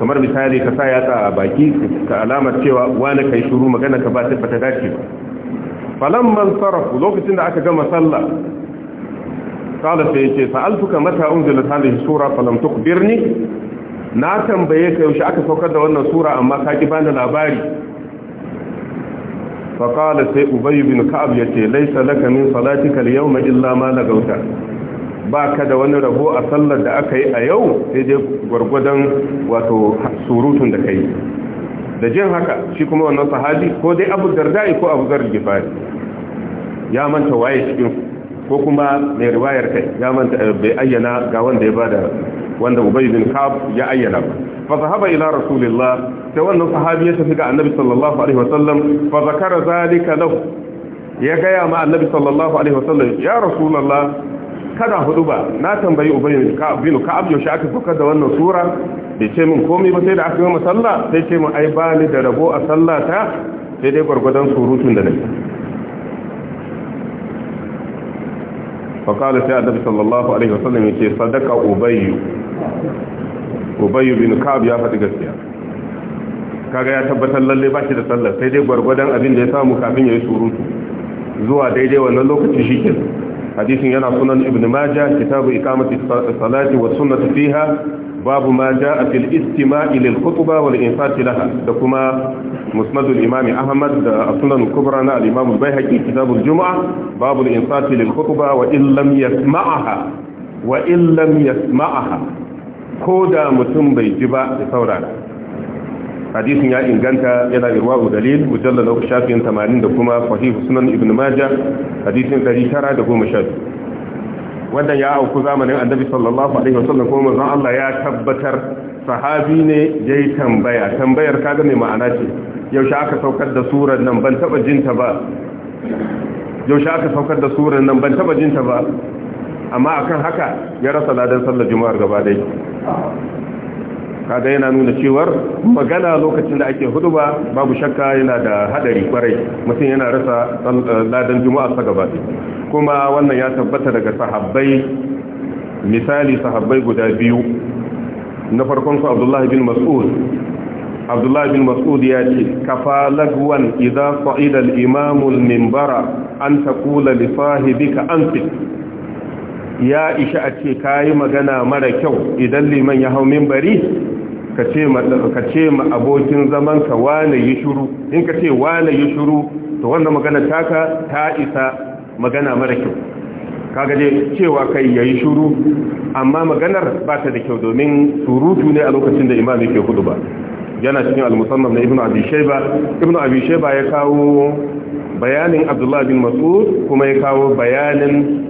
[SPEAKER 1] kamar misali ka sa ya a baki ka alamar cewa wani kai shuru magana ka ba ta dace ba falamman sarrafu lokacin da aka gama sallah kala sai yake sa'altuka mata unzilat hadhihi sura falam birni? na tambaye ka yaushe aka saukar da wannan sura amma ka ki bani labari fa kala sai ubay bin ka'ab yace laysa laka min salatika al-yawma illa ma Ba baka da wani rabo a sallar da aka yi a yau sai dai gwargwadon wato surutun da yi. da jin haka shi kuma wannan sahabi ko dai Abu Darda'i ko Abu Zar Gifari ya manta waye cikin ko kuma mai riwayar kai ya manta eh, bai ayyana ga wanda ya bada wanda ubay bin kab ya ayyana ba fa zahaba ila rasulillah sai wannan sahabi ya tafi ga annabi sallallahu alaihi wasallam fa zakara zalika lahu ya gaya ma annabi sallallahu alaihi wasallam ya rasulullah kada hudu ba na tambayi Ubay bin ka'ab yaushe aka fuka da wannan sura bai ce min komai ba sai da aka yi masalla sai ce min ai bani da rabo a sallata sai dai gwargwadon surutun da nake faƙala sai annabi sallallahu alaihi wasallam yace sadaka ubayyu ubayyu bin kab ya faɗi gaskiya kaga ya tabbatar lalle ba shi da sallar sai dai gwargwadon abin da ya samu kafin ya yi surutu zuwa daidai wannan lokaci shi ke hadisin yana sunan ibn majah kitabu iqamati salati wa sunnati fiha babu ma jaa fil istima'i lil khutba wal infat da kuma musnad al imam ahmad da sunan kubra na al imam al baihaqi kitab babu al infat lil wa in lam yasma'aha wa in ko da mutum bai ji ba ya saurara hadisin ya inganta yana irwa'u dalil mujallal shafin 80 da kuma sahih sunan ibn majah hadisin 912 wannan ya auku zamanin annabi sallallahu alaihi wasallam kuma manzon Allah ya tabbatar sahabi ne yayi tambaya tambayar kaga mai ma'ana ce yaushe aka saukar da surar nan ban taba jinta ba yaushe aka saukar da surar nan ban taba jinta ba amma akan haka ya rasa ladan sallar juma'ar gaba dai kaga yana nuna cewar magana lokacin da ake hudu ba babu shakka yana da hadari kwarai mutum yana rasa uh, ladan juma'a sa gaba kuma wannan ya tabbata daga sahabbai misali sahabbai guda biyu na farkon su abdullahi bin mas'ud abdullahi bin mas'ud ya ce kafa lagwan idza imamul mimbara imam al-minbara an taqula li sahibika anfik ya isha a ce kayi magana mara kyau idan liman ya hau minbari ka ce ma abokin zaman ka wane yi shuru in ka ce wane yi shuru to wanda magana taka ta isa magana mara kyau kaga dai cewa kai yayi shuru amma maganar ba ta da kyau domin surutu ne a lokacin da imam yake hudu ba yana cikin al-musannaf na ibn abi shayba ibn abi shayba ya kawo bayanin abdullah bin mas'ud kuma ya kawo bayanin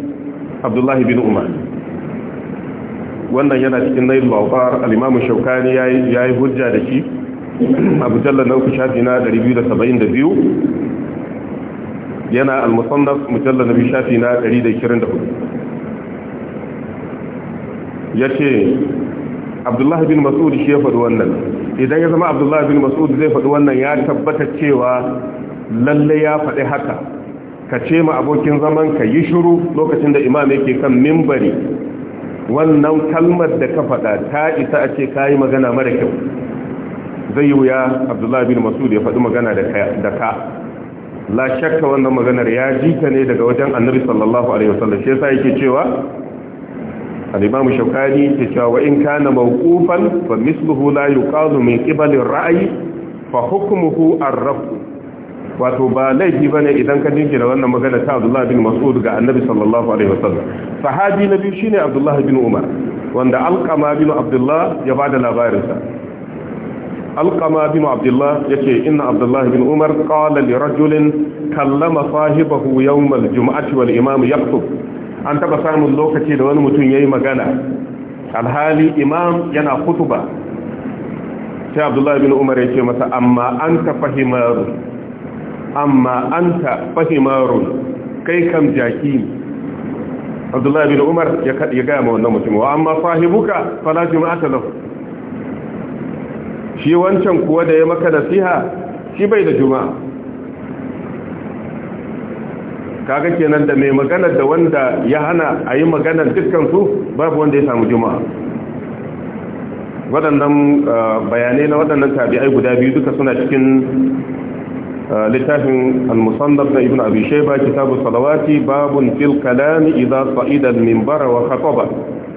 [SPEAKER 1] abdullahi bin umar wannan yana cikin nail bautar al-imam shaukani yayi yayi hujja da shi a mujallal na uku shafi na 272 yana al-musannaf mujallal na shafi na 124 yace abdullahi bin mas'ud shi ya faɗi wannan idan ya zama abdullahi bin mas'ud zai faɗi wannan ya tabbata cewa lalle ya faɗi haka ka ce ma abokin zaman ka yi shiru lokacin da imam yake kan mimbari wannan kalmar da ka faɗa ta isa a ce ka yi magana mara kyau zai yi wuya abdullahi bin masud ya faɗi magana da ka la shakka wannan maganar ya ji ne daga wajen annabi sallallahu alaihi wasallam shi yasa yake cewa al-imam shaukani yake cewa wa in kana mawqufan fa misluhu la yuqalu min qibali ar-ra'yi fa hukmuhu ar wato ba laifi bane idan ka jingina wannan magana ta Abdullah bin Mas'ud ga Annabi sallallahu alaihi wasallam sahabi na biyu shine Abdullah bin Umar wanda Alqama bin Abdullah ya bada labarin sa Alqama bin Abdullah yace inna Abdullah bin Umar qala li rajulin kallama sahibahu yawm al-jum'ati wal imam yaktub an taba samun lokaci da wani mutum yayi magana alhali imam yana khutba sai Abdullah bin Umar yace masa amma an ka fahimaru amma anta fahimarun kai kam jaki abdullahi bin umar ya gaya ma wannan mutum wa amma sahibuka fala juma'ata lahu shi wancan kuwa da ya maka nasiha shi bai da juma'a kaga kenan da mai magana da wanda ya hana a yi magana dukkan su babu wanda ya samu juma'a waɗannan eh, bayanai na waɗannan tabi'ai guda biyu duka suna cikin littafin al-musannaf na ibn abi Sheba kitabu salawati babun fil kalami idza sa'ida al wa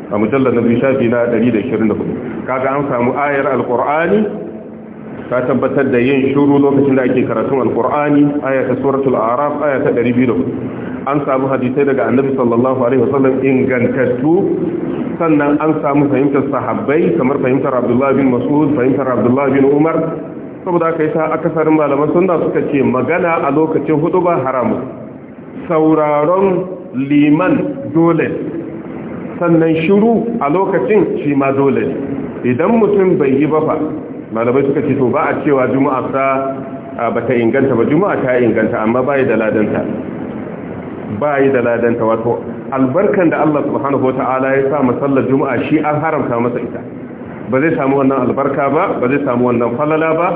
[SPEAKER 1] a mujallar na biyu shafi na 124 kaga an samu ayar al-qur'ani ta tabbatar da yin shuru lokacin da ake karatun al-qur'ani aya ta suratul a'raf aya ta 200 an samu hadisai daga annabi sallallahu alaihi wasallam ingantattu sannan an samu fahimtar sahabbai kamar fahimtar abdullahi bin mas'ud fahimtar abdullahi bin umar saboda aka yi sa akasarin malaman sunna suka ce magana a lokacin hudu ba haramu sauraron liman dole sannan shiru a lokacin shi ma dole idan mutum bai yi ba fa malamai suka ce to ba a cewa juma'a ta ba ta inganta ba juma'a ta inganta amma ba da ladanta ba da ladanta wato albarkan da Allah subhanahu wa ta'ala ya sa masallar juma'a shi an haramta masa ita ba zai samu wannan albarka ba ba zai samu wannan falala ba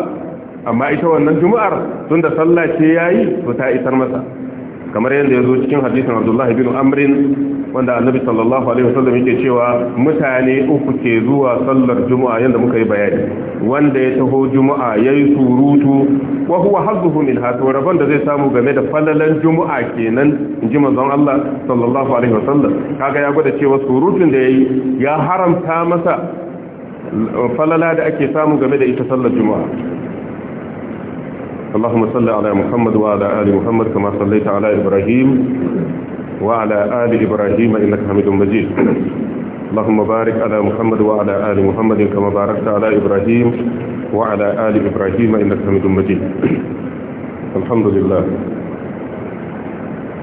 [SPEAKER 1] amma ita wannan juma'ar tun da sallah ce yayi to ta isar masa kamar yadda ya zo cikin hadisin abdullahi bin amrin wanda annabi sallallahu alaihi wasallam yake cewa mutane uku ke zuwa sallar juma'a yadda muka yi bayani wanda ya taho juma'a yayi surutu wa huwa hazzuhu min hatu da zai samu game da falalan juma'a kenan inji manzon Allah sallallahu alaihi wasallam kaga ya gwada cewa surutun da yayi ya haramta masa falala da ake samu game da ita sallar juma'a Allahumma to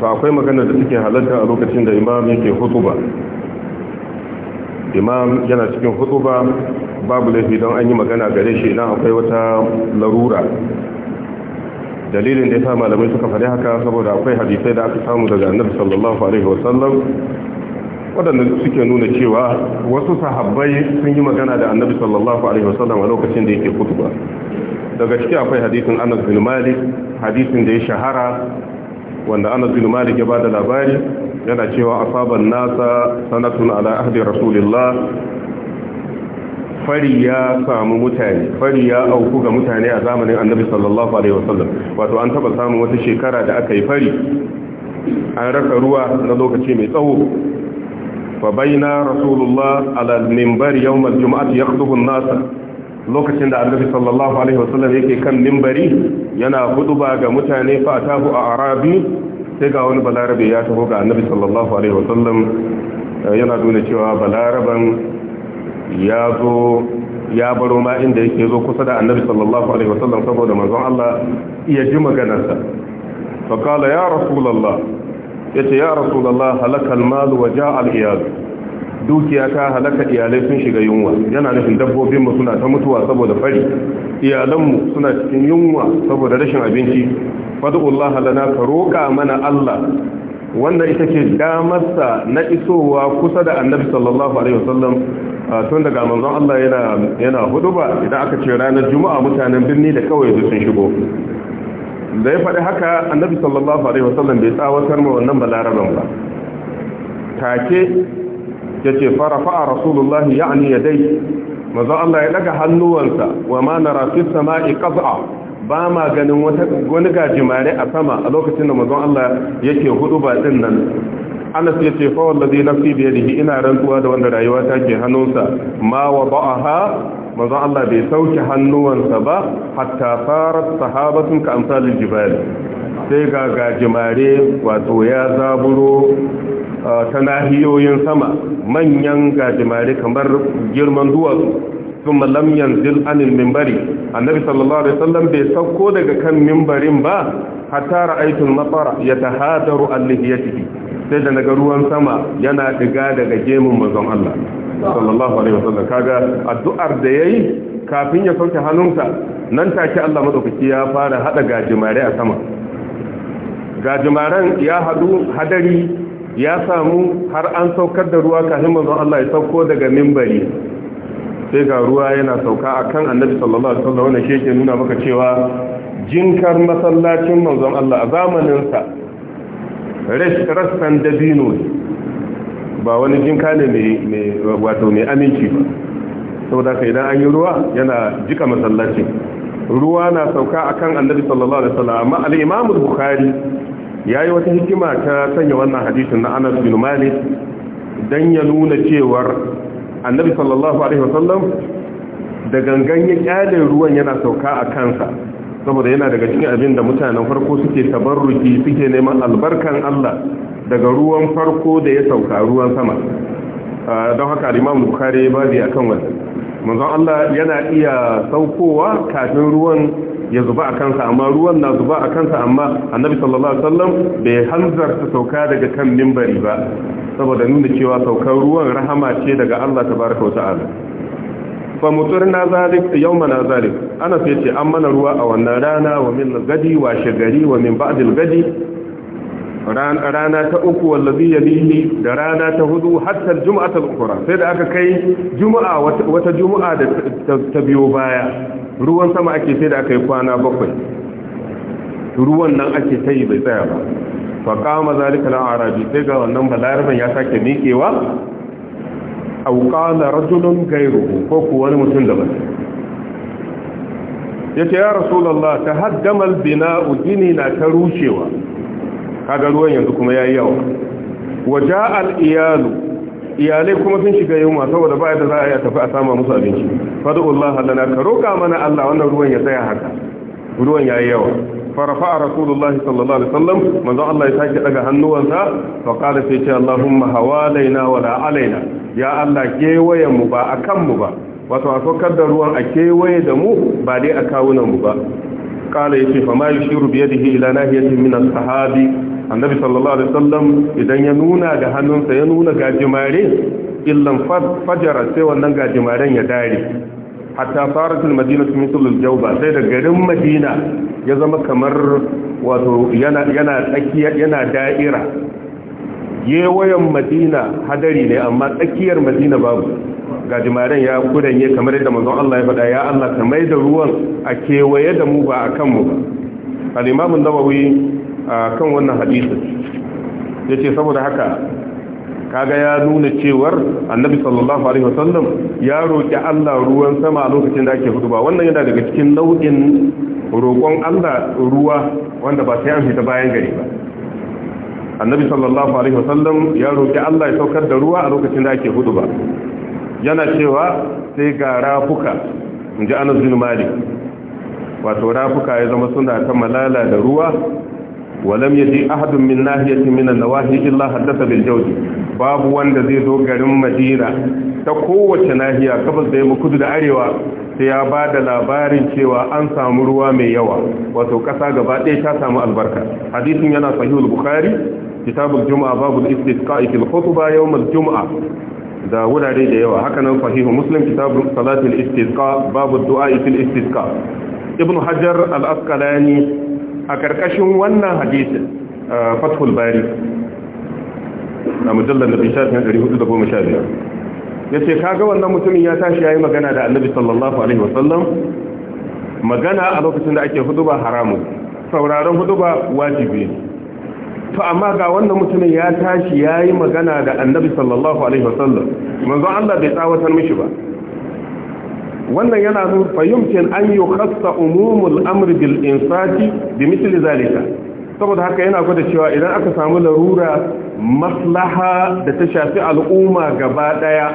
[SPEAKER 1] akwai magana da take halatta a lokacin da imam yake hutuba imam yana cikin hutuba babu laifi don an yi magana gare shi idan akwai wata larura dalilin da ya sa malamai suka faɗi haka saboda akwai hadisai da aka samu daga annabi sallallahu alaihi wasallam waɗanda suke nuna cewa wasu sahabbai sun yi magana da annabi sallallahu alaihi wasallam a lokacin da yake kutuba daga ciki akwai hadisin anas bin malik hadisin da ya shahara wanda anas bin malik ya ba da labari yana cewa asaban nasa sanatun ala ahdi rasulillah fari ya samu mutane fari ya auku ga mutane a zamanin annabi sallallahu alaihi wasallam wato an taba samun wata shekara da aka yi fari an raka ruwa na lokaci mai tsawo fa baina rasulullah ala minbar yawm al-jum'ah an-nas lokacin da annabi sallallahu alaihi wasallam yake kan minbari yana huduba ga mutane fa atahu a arabi sai ga wani balarabe ya taho ga annabi sallallahu alaihi wasallam eh, yana nuna cewa balaraban ya zo ya baro ma inda yake zo kusa da annabi sallallahu alaihi wasallam saboda manzon Allah iya ji maganarsa fa kala ya rasulullah yace ya rasulullah halakal mal wa ja'a al iyad dukiya ta halaka iyalai sun shiga yunwa yana nufin dabbobin mu suna ta mutuwa saboda fari iyalanmu suna cikin yunwa saboda rashin abinci fadullah lana ka roƙa mana Allah wanda ita ce damarsa na isowa kusa da annabi sallallahu alaihi wasallam tun daga manzon Allah yana yana huduba idan aka ce ranar juma'a mutanen birni da kawai sun shigo da ya faɗi haka annabi sallallahu alaihi wasallam bai tsawatar ma wannan balaraban ba take ce farafa rasulullahi ya dai manzo Allah ya daga hannuwansa wa ma nara fi samai qaz'a ba ma ganin wani gajimare a sama a lokacin da manzon Allah yake hudu ba din nan Anas ya ce fa wallazi nafsi bi yadihi ina rantsuwa da wanda rayuwa ta ke hannunsa ma wa ha manzon Allah bai sauke hannuwansa ba hatta farat sahabatun ka amsalil jibali sai ga gajimare wato ya zaburo ta nahiyoyin sama manyan gajimare kamar girman duwatsu sun lam yanzil anil mimbari annabi sallallahu alaihi sallam bai sauko daga kan mimbarin ba ya ta hadaru yatahadaru an ciki sai da daga ruwan sama yana diga daga gemun mazan Allah sallallahu alaihi wasallam kaga addu'ar da ya yi kafin ya sauke hannunsa nan take Allah madaukaki ya fara haɗa gajimare a sama ga jimaren ya haɗu hadari ya samu har an saukar da ruwa kafin manzon Allah ya sauko daga mimbari sai ga ruwa yana sauka akan annabi sallallahu alaihi wasallam wannan shi nuna maka cewa jinkar masallacin manzon Allah a zamaninsa, sa dabino ba wani jinka ne mai wato mai aminci ba saboda kai idan an yi ruwa yana jika masallacin ruwa na sauka akan annabi sallallahu alaihi wasallam amma al-imam al-bukhari yayi wata hikima ta sanya wannan hadisin na Anas bin Malik dan ya nuna cewar annabi sallallahu alaihi wasallam da gangan ya kyale ruwan yana sauka a kansa saboda yana daga cikin abin da mutanen farko suke tabarruki suke neman albarkan Allah daga ruwan farko da ya sauka ruwan sama ah, don haka al-imam bukhari ya bazi akan wannan manzon Allah yana iya saukowa kafin ruwan ya zuba a kansa amma ruwan na zuba a kansa amma annabi sallallahu alaihi wasallam bai hanzarta sauka daga kan mimbari ba saboda nuna cewa saukar ruwan rahama ce daga Allah tabaraka wa ta'ala fa muturna zalik yawmana zalik ana sai an mana ruwa a wannan rana wa min gadi wa shagari wa min ba'dil gadi rana ta uku wallazi yalihi da rana ta hudu hatta jum'atul ukhra sai da aka kai juma'a wata juma'a da ta biyo baya ruwan sama ake sai da aka yi kwana bakwai ruwan nan ake tayi bai tsaya ba fa qama zalika al-arabi sai ga wannan balaraban ya sake miƙewa aw qala rajulun ghayruhu ko ko wani mutum da ba yace ya rasulullah tahaddama al-bina'u gini na ta rushewa kaga ruwan yanzu kuma ya yi yawa waje al’iyalu iyalai kuma sun shiga yi masu wadda ba yadda za a yi a tafi a musu abinci fadu Allah na ka roƙa mana Allah wannan ruwan ya tsaya haka ruwan ya yi yawa farafa a rasulullah sallallahu alaihi sallam manzo Allah ya sake daga hannuwansa to kada sai ce Allahumma hawalaina wa la alaina ya Allah kewaye mu ba akan mu ba wato a sokar da ruwan a kewaye da mu ba dai a kawunan mu ba kala yace fa ma yushiru bi yadihi ila nahiyatin min as-sahabi annabi sallallahu alaihi wasallam idan ya nuna da hannunsa ya nuna gajimare illan fajara sai wannan gajimaren ya dare hatta faratul madina mithlul jawba sai da garin madina ya zama kamar wato yana yana tsakiya yana da'ira yewayan madina hadari ne amma tsakiyar madina babu gajimaren ya kudanye kamar yadda manzon Allah ya faɗa ya Allah ka mai da ruwan a kewaye da mu ba a kanmu ba al-imam an-nawawi a kan wannan hadisin ya ce saboda haka kaga ya nuna cewar annabi sallallahu alaihi wasallam ya roƙi Allah ruwan sama a lokacin da ake hudu ba wannan yana daga cikin nau'in roƙon Allah ruwa wanda ba sai an fita bayan gari ba annabi sallallahu alaihi wasallam ya roƙi Allah ya saukar da ruwa a lokacin da ake hudu ba yana cewa sai ga rafuka inji Anas bin Malik wato rafuka ya zama suna ta da ruwa ولم يجي أحد من ناحية من illa haddasa حدث بالجوز باب wanda zai zo garin Madina ta kowace nahiya gabas da yamma kudu da arewa sai ya ba da labarin cewa an samu ruwa mai yawa wato ƙasa gabaɗaya ta samu albarka hadisin yana sahihul bukhari kitabul juma'a babul istisqa'i fil khutba yawm juma'a da wurare da yawa hakanan nan sahihu muslim kitabul salatul du'a fil istisqa ibn hajar al-asqalani a ƙarƙashin wannan hadisin fathul bari na mujallar da sha biyar, ya ce kaga wannan mutumin ya tashi ya yi magana da annabi sallallahu alaihi wasallam magana a lokacin da ake hudu ba haramu sauraron hudu ba wajibi to amma ga wannan mutumin ya tashi ya yi magana da annabi sallallahu alaihi wasallam manzo Allah bai tsawatar mishi ba wannan yana son fayyumkin an yi khassa umumul amr bil insati bi misli zalika saboda haka yana gwada cewa idan aka samu larura maslaha da ta shafi al'umma gaba daya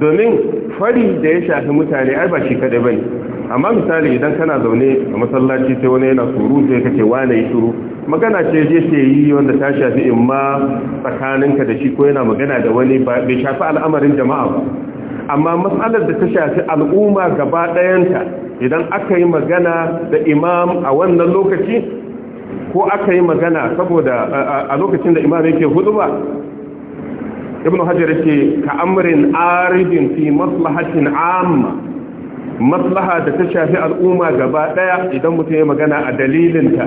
[SPEAKER 1] domin fari da ya shafi mutane ai ba shi kaɗai bane amma misali idan kana zaune a masallaci sai wani yana suru sai kace wane yi suru magana ce je ce yi wanda ta shafi imma tsakaninka da shi ko yana magana da wani bai shafi al'amarin jama'a ba amma matsalar da ta shafi al'umma gaba ɗayanta idan aka yi magana da imam a wannan lokaci ko aka yi magana saboda a lokacin da imam yake hudu ba ibn hajar yake ka amrin aridin fi maslahatin amma maslaha da ta shafi al'umma gaba ɗaya idan mutum ya magana a dalilinta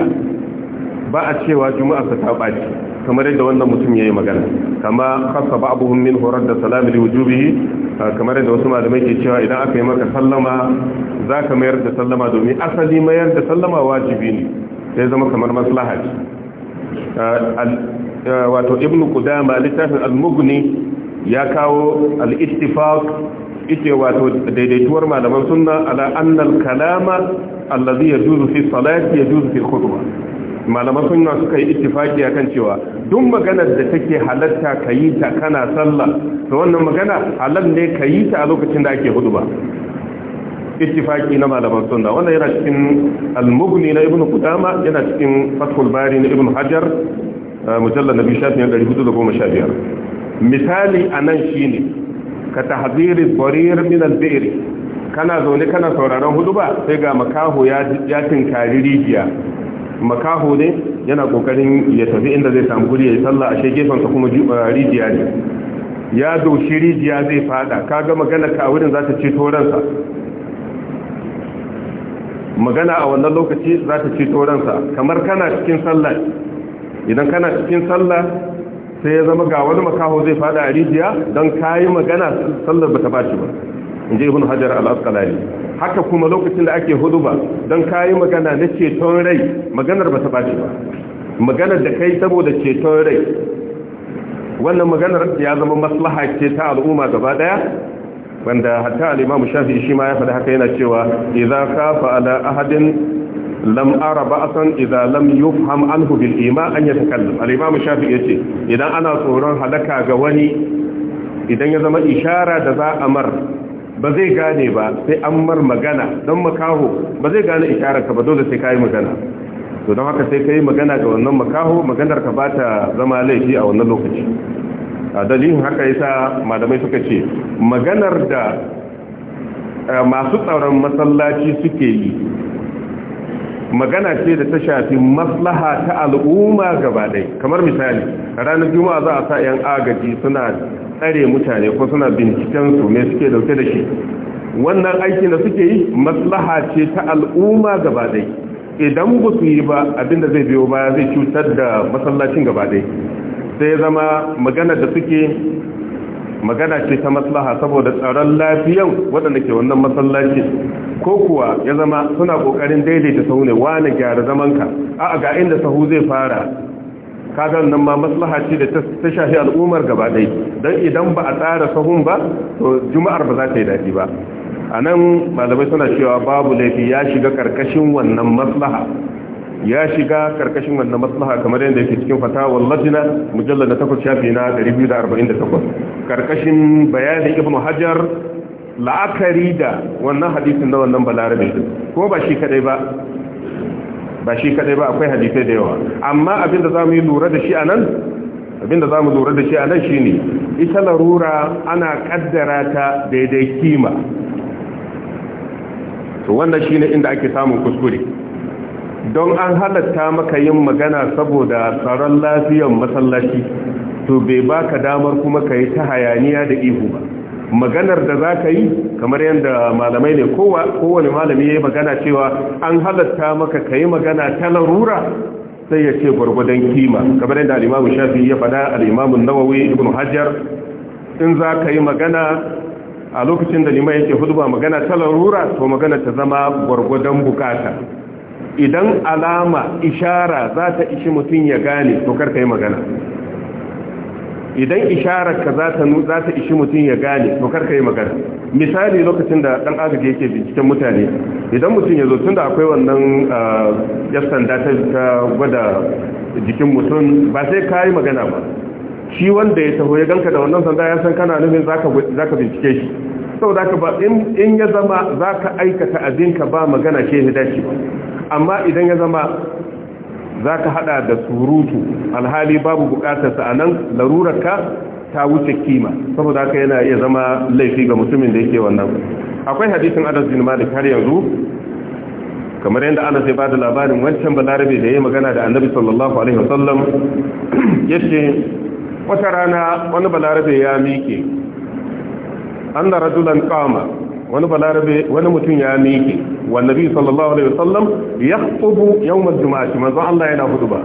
[SPEAKER 1] ba a cewa juma'a ta ɓaci kamar yadda wannan mutum ya yi magana kama kasa ba abuhun min horar da salami wujubi kamar yadda wasu malamai ke cewa idan aka yi maka sallama za ka mayar da sallama domin asali mayar da sallama wajibi ne sai zama kamar maslaha ce wato ibn kudama littafin al ya kawo al-ittifaq ita wato daidaituwar malaman sunna ala annal kalama allazi yajuzu fi salati yajuzu fi khutbah malaman sunna suka yi ittifaki akan cewa duk maganar da take halatta ka yi ta kana sallah to wannan magana halal ne ka yi ta a lokacin da ake huduba. ittifaki na malaman sunna wannan yana cikin al-mughni na ibnu qudama yana cikin fathul bari na ibnu hajar uh, mujallal nabi shafi 1415 misali anan shine ka tahdhiril barir min al-bi'r kana zaune kana sauraron huduba, sai ga makaho ya tinkari rijiya makaho ne yana kokarin ya tafi inda zai samu guri ya yi sallah a gefensa kuma eh, rijiya ne ya doshi rijiya zai fada ga magana ka wurin za ta ceto ransa magana a wannan lokaci za ta ceto ransa kamar kana cikin sallah idan kana cikin sallah sai ya zama ga wani makaho zai fada a rijiya don kayi magana sallar ba ta bashi ba in ji ibn hajar al-asqalani haka kuma lokacin da ake huduba don kayi magana na ceton rai maganar ba ta bace ba maganar da kai saboda ceton rai wannan maganar ya zama maslaha ce ta al'umma gaba daya wanda hatta al-imam shafi'i shi ma ya faɗi haka yana cewa idza kafa ala ahadin lam ara ba'san idza lam yufham anhu bil iman an yatakallam al-imam shafi'i yace idan ana tsoron halaka ga wani idan ya zama ishara da za a mar ba zai gane ba sai an mar magana don makaho ba zai gane isharar ka ba dole sai kai magana to don haka sai kai magana ga wannan makaho maganar ka ba ta zama laifi a wannan lokaci a dalilin haka yasa malamai suka ce maganar da eh, masu tsaron masallaci suke yi magana ce da ta shafi maslaha ta al'umma gaba ɗaya kamar misali ranar juma'a za a sa yan agaji suna tsare mutane ko suna binciken su me suke dauke da shi wannan aiki da suke yi maslaha ce ta al'umma gaba dai idan ba su yi ba abinda zai biyo baya zai cutar da masallacin gaba dai sai zama magana da suke magana ce ta maslaha saboda tsaron lafiyan waɗanda ke wannan masallaci ko kuwa ya zama suna ƙoƙarin daidaita sahu ne wane gyara zamanka a ga inda sahu zai fara kaga nan ma maslaha ce da ta shafi al'ummar gaba ɗaya don idan ba a tsara sahun ba to juma'ar ba za ta yi daɗi ba a nan malamai suna cewa babu laifi ya shiga karkashin wannan maslaha ya shiga karkashin wannan maslaha kamar yadda yake cikin fatawar latina mujallar da takwas shafi na 248 karkashin bayanin ibn hajar la'akari da wannan hadisin da wannan balarabe ko ba shi kadai ba ba shi kadai ba akwai hadisai da yawa amma abinda za mu yi lura da shi a nan abinda za mu lura da shi a nan shi ita larura ana kaddara ta daidai kima to wannan shi ne inda ake samun kuskure don an halatta maka yin magana saboda tsaron lafiyar masallaci to bai baka damar kuma ka yi ta hayaniya da ihu ba maganar da za ka yi kamar yadda malamai ne kowane malami ya yi magana cewa an halatta maka ka yi magana ta larura sai ya ce gwargwadon kima kamar yadda alimamu shafi ya fada alimamun nawawi ibn hajjar in za ka yi magana a lokacin da limai yake huduba magana ta larura to magana ta zama gwargwadon bukata idan alama ishara za ta ishi mutum ya gane to kar ka yi magana idan isharar ka za ta ishi mutum ya gane to ka yi magana misali lokacin da dan agaji yake binciken mutane idan mutum ya zo tunda akwai wannan yar ah, sanda ta gwada jikin mutum ba sai ka yi magana ba shi wanda ya taho ya ganka da wannan sanda ya san kana nufin zaka bincike shi sau da ka ba in ya zama za ka aikata abinka ba magana ke hidashi amma idan ya zama za ka hada da surutu alhali babu bukatarsa a nan larurarka ta wuce kima saboda haka yana iya zama laifi ga mutumin da yake wannan akwai hadisin anas bin malik har yanzu kamar yadda anas ya bada labarin wancan balarabe da ya magana da annabi sallallahu alaihi wasallam yace wata rana wani balarabe ya miƙe anna rajulan qama wani balarabe wani mutum ya miƙe wannabi sallallahu alaihi wasallam ya tsubu yawmar juma'a manzo Allah yana ba.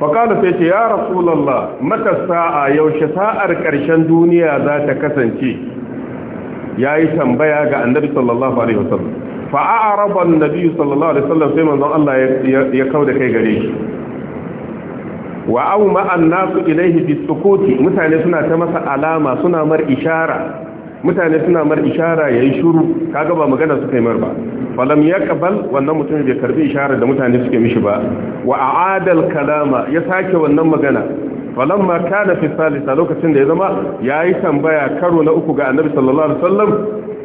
[SPEAKER 1] faƙada sai ce ya rasulallah mata sa'a yaushe sa'ar ƙarshen duniya za ta kasance ya yi tambaya ga annabi sallallahu alaihi wasallam fa'a'araban nabi sallallahu alaihi wasallam sai manzon Allah ya kau da kai gare shi wa au ma'an nasu ilaihi bi mutane suna ta masa alama suna mar ishara mutane suna mar ishara ya yi shuru kaga ba magana suka yi mar ba falam ya kabal wannan mutum bai karbi ishara da mutane suke mishi ba wa a'adal kalama ya sake wannan magana falam ma kana fi salisa lokacin da ya zama ya yi tambaya karo na uku ga annabi sallallahu alaihi wasallam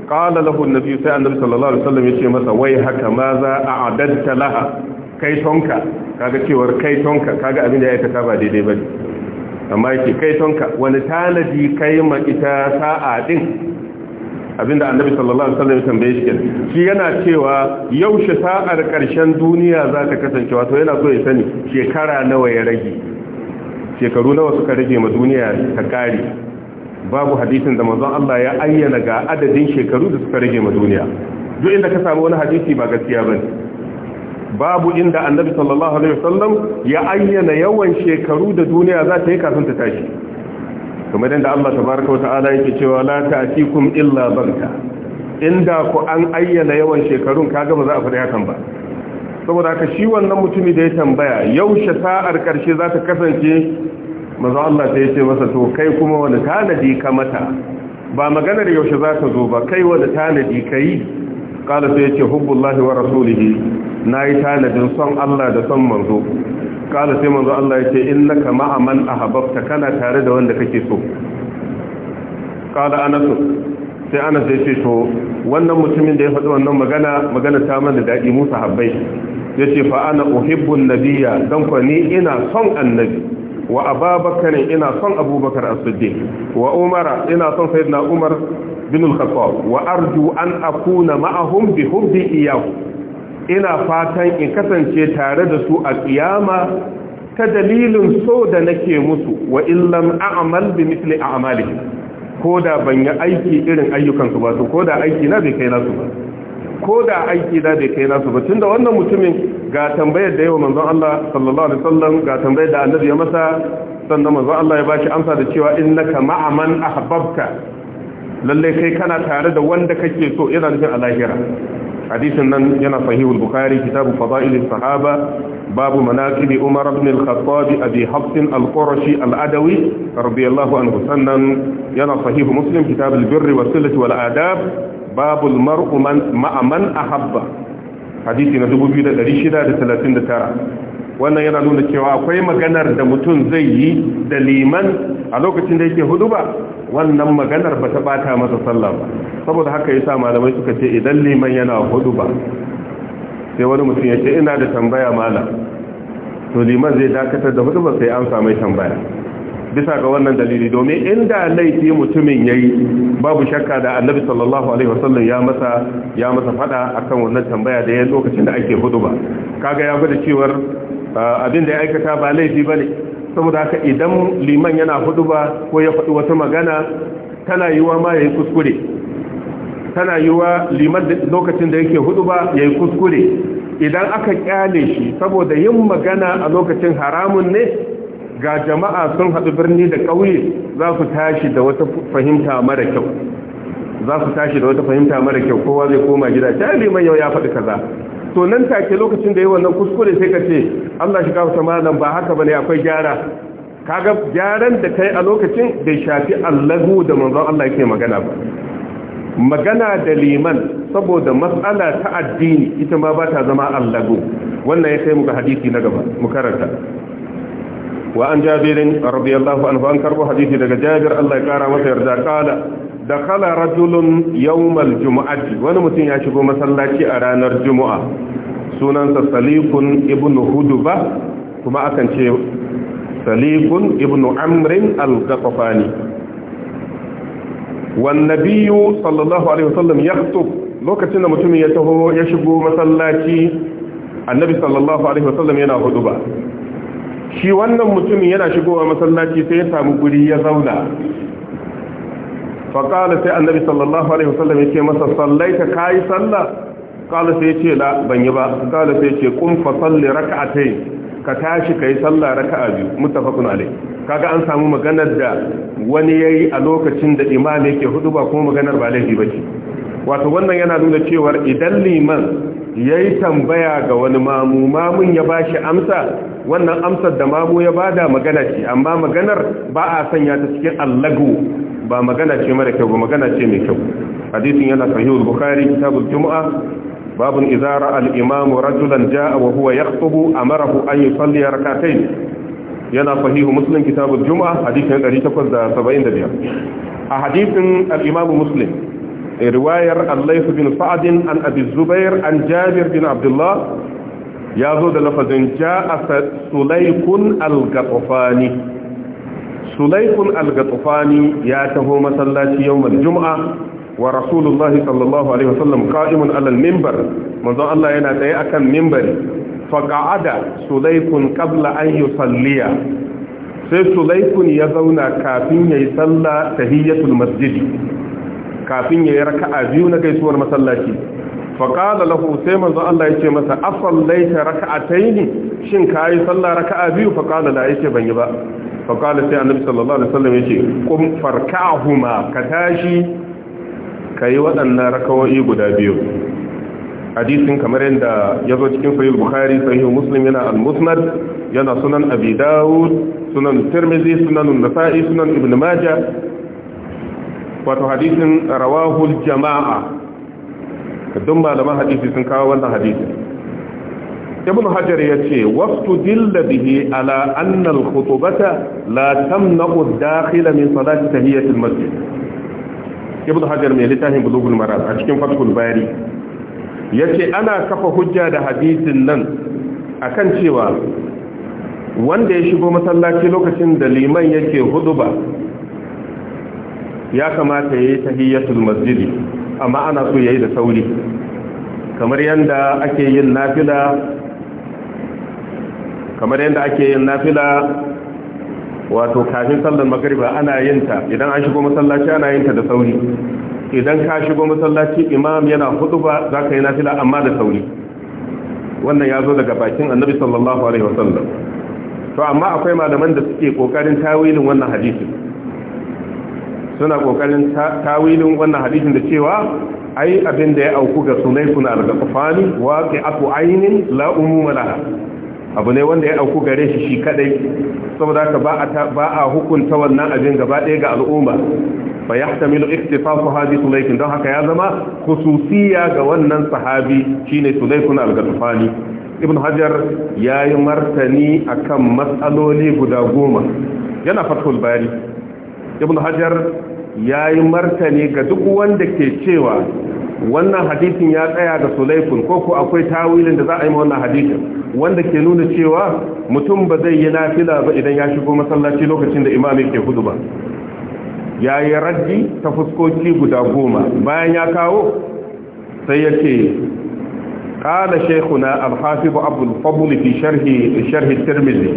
[SPEAKER 1] qala lahu annabi sai annabi sallallahu alaihi wasallam yace masa wai haka ma za a'adatta laha kai tonka kaga cewar kai tonka kaga abin da ya aikata ba daidai bane amma yake kai tonka wani tanadi kai ma ita sa'a din abinda annabi sallallahu alaihi wasallam tambaye shi shi yana cewa yaushe sa'ar karshen duniya za ta kasance wato yana so ya sani shekara nawa ya rage shekaru nawa suka rage ma duniya ta kare babu hadisin da manzon Allah ya ayyana ga adadin shekaru da suka rage ma duniya duk inda ka samu wani hadisi ba gaskiya bane babu inda annabi sallallahu alaihi wasallam ya ayyana yawan shekaru da duniya za ta yi kafin ta tashi kamar yadda Allah tabaraka wa ta'ala yake cewa la ta'tikum illa barka inda ku an ayyana yawan shekarun kaga ba za a faɗi hakan ba saboda haka shi wannan mutumi da ya tambaya yaushe sa'ar karshe za ta kasance maza Allah ya ce masa to kai kuma wani tanadi ka mata ba maganar yaushe za ta zo ba kai wani tanadi kai kala sai ce hubbullahi wa rasulihi yi tanadin son Allah da son manzo kala sai manzo Allah ya yace innaka ma'a man ahbabta kana tare da wanda kake so kala anas sai anas ce to wannan mutumin da ya faɗi wannan magana magana ta mana daɗi mu sahabbai ce fa ana uhibbun nabiyya dan ko ni ina son annabi wa ababakar ina son abubakar as-siddiq wa umara ina son sayyidina umar bin al-khattab wa arju an akuna ma'ahum bi hubbi iyahu ina fatan in kasance tare da su a kiyama ta dalilin so da nake musu wa illam a'mal bi mithli a'malihim koda ban yi aiki irin ayyukan su ba to koda aiki na bai kai nasu ba koda aiki da bai kai nasu ba tunda wannan mutumin ga tambayar da yawa manzon Allah sallallahu alaihi wasallam ga tambayar da annabi ya masa sannan manzon Allah ya bashi amsa da cewa innaka ma'a man ahbabta lalle kai kana tare da wanda kake so ina nufin a lahira hadisin nan yana sahihul bukhari kitabu fada'il sahaba babu manaqibi umar ibn al-khattab abi hafs al-qurashi al-adawi radiyallahu anhu sannan yana sahih muslim kitab al-birr wa silati wal adab babu al-mar'u man ma'a man ahabba hadisi na 2639 wannan yana nuna cewa akwai maganar da mutum zai yi da liman a lokacin da yake hudu ba wannan maganar ba ta bata masa sallah ba saboda haka ya sa malamai suka ce idan liman yana hudu ba sai wani mutum ya ce ina da tambaya mala to liman zai dakatar da hudu ba sai an samu tambaya bisa ga wannan dalili domin inda laifi mutumin ya yi babu shakka da annabi sallallahu alaihi wasallam ya masa ya masa fada akan wannan tambaya da ya lokacin da ake hudu ba kaga ya gwada cewar abin da ya aikata ba laifi ba ne saboda haka idan liman yana hudu ba ko ya faɗi wata magana tana yiwa ma ya yi kuskure tana liman lokacin da yake hudu ba ya yi kuskure idan aka kyale shi saboda yin magana a lokacin haramun ne ga jama'a sun haɗu birni da ƙauye za su tashi da wata fahimta mara kyau za su tashi da wata fahimta mara kyau kowa zai koma gida ta liman yau ya faɗi kaza to nan take lokacin da yi wannan kuskure sai ka ce Allah shi kawo malam ba haka bane akwai gyara kaga gyaran da kai a lokacin bai shafi allahu da manzon Allah yake magana ba magana da liman saboda matsala ta addini ita ma ba ta zama allahu wannan ya kai muka hadisi na gaba mu karanta wa an jabirin radiyallahu anhu an karbo hadisi daga jabir Allah ya kara masa yarda kala da kala rajulun yawmal juma'ati wani mutum ya shigo masallaci a ranar juma'a sunansa salikun ibn huduba kuma akan ce salikun ibn amrin al-gafafani wannabiyu sallallahu alaihi wasallam ya lokacin da mutumin ya taho ya shigo masallaci annabi sallallahu alaihi wasallam yana huduba shi wannan mutumin yana shigowa masallaci sai ya samu guri ya zauna faƙala sai annabi sallallahu alaihi wasallam ya ce masa sallaita ka yi sallah ƙala sai ya ce la ban yi ba ƙala sai ya ce kun fa salli raka'atai ka tashi ka yi sallah raka'a biyu muttafaqun alai kaga an samu maganar da wani yayi a lokacin da imam yake hudu ba kuma maganar ba laifi bace wato wannan yana nuna cewa idan liman yayi tambaya ga wani mamu mamun ya bashi amsa wannan amsar da mamu ya bada magana ce amma maganar ba a sanya ta cikin allagu ba magana ce mara kyau ba magana ce mai kyau hadisin yana sahihul bukhari kitabul jumu'a babun izara al-imam rajulan jaa wa huwa yakhutubu amarahu an yusalli rak'atayn yana sahihu muslim kitabul jumu'a hadisin 875 a hadisin al-imam muslim riwayar al-layth bin sa'd an abi zubair an jabir bin abdullah ya zo da lafazin jaa sulaykun al-gatafani sulaikun al ya taho masallaci yawmal juma'a wa rasulullahi sallallahu alaihi wasallam ka'imun alal minbar manzon Allah yana tsaye akan mimbari fa qa'ada sulaikun qabla an yusalliya sai sulaikun ya zauna kafin yayi sallah tahiyatul masjid kafin yayi raka'a biyu na gaisuwar masallaci fa qala lahu sai manzon Allah yace masa asallaita raka'ataini shin kai sallah raka'a biyu fa qala la yace ban yi ba fa sai annabi sallallahu alaihi wasallam yace qum huma ka tashi yi waɗannan rak'awai guda biyu hadisin kamar yadda ya zo cikin sahih bukhari sahih muslim yana al-musnad yana sunan abi dawud sunan tirmidhi sunan nasa'i sunan ibn majah wato hadisin rawahu al-jama'a dukkan malaman hadisi sun kawo wannan hadisin ibn hajar ya ce wasu dilla bihi ala annal khutubata la tamna'u dakhila min salati tahiyatul masjid ibn hajar mai littafin bulugul maram a cikin fathul bari yace ana kafa hujja da hadisin nan akan cewa wanda ya shigo masallaci lokacin da liman yake huduba ya kamata yayi tahiyatul masjid amma ana so yayi da sauri kamar yanda ake yin nafila kamar yadda ake yin nafila wato kafin sallar magariba ana yin ta idan an shigo masallaci ana yin ta da sauri idan ka shigo masallaci imam yana hutuba za ka yi nafila amma da sauri wannan ya zo daga bakin annabi sallallahu alaihi wasallam to amma akwai malaman da suke kokarin tawilin wannan hadisi suna kokarin tawilin wannan hadisin da cewa ai abin da ya auku ga sunaykun al-ghafani waqi'atu aynin la umuma laha abu ne wanda ya auku gare shi shi kadai saboda ka ba a hukunta wannan abin gaba ɗaya ga al'umma fa yahtamilu iktifafu hadi sulaykin don haka ya zama khususiya ga wannan sahabi shine sulaykun al ibn hajar ya yi martani akan matsaloli guda goma yana fatul bari ibn hajar ya yi martani ga duk wanda ke cewa wannan hadisin ya tsaya ga sulaifin ko ko akwai tawilin da za a yi wannan hadisin wanda ke nuna cewa mutum ba zai yi nafila ba idan ya shigo masallaci lokacin da imami ke hudu ba ya yi raddi ta fuskoki guda goma bayan ya kawo sai ya ce ƙala shekuna alhafibu abdulfabul fi sharhi tirmidhi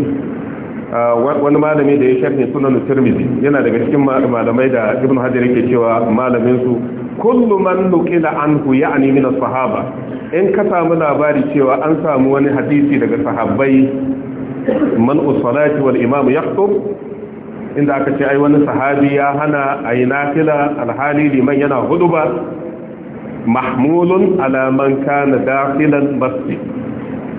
[SPEAKER 1] wani malami da ya sharhi sunan turmizi yana daga cikin malamai da ibn hajar yake cewa malamin su kullu man nuqila anhu ya'ni min as-sahaba in ka samu labari cewa an samu wani hadisi daga sahabbai man usalati wal imam yaqtub inda aka ce ai wani sahabi ya hana ai nafila alhali liman yana huduba mahmulun ala man kana dakhilan masjid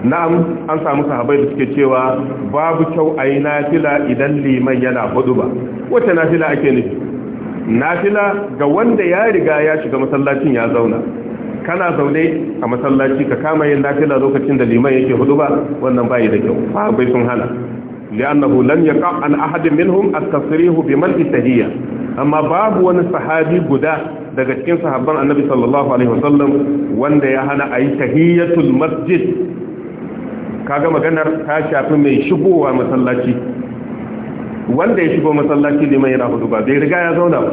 [SPEAKER 1] na'am an samu sahabbai da suke cewa babu kyau a yi nafila idan liman yana hudu ba wata nafila ake nufi nafila ga wanda ya riga ya shiga masallacin ya zauna kana zaune a masallaci ka kama yin nafila lokacin da liman yake hudu ba wannan bayi da kyau sahabbai sun hana li'annahu lam yaqa an ahadin minhum at-tasrihu bi man tahiyya amma babu wani sahabi guda daga cikin sahabban annabi sallallahu alaihi wasallam wanda ya hana ayi tahiyatul masjid kaga maganar ta shafi mai shigowa masallaci wanda ya shigo masallaci ne mai rahudu ba bai riga ya zauna ba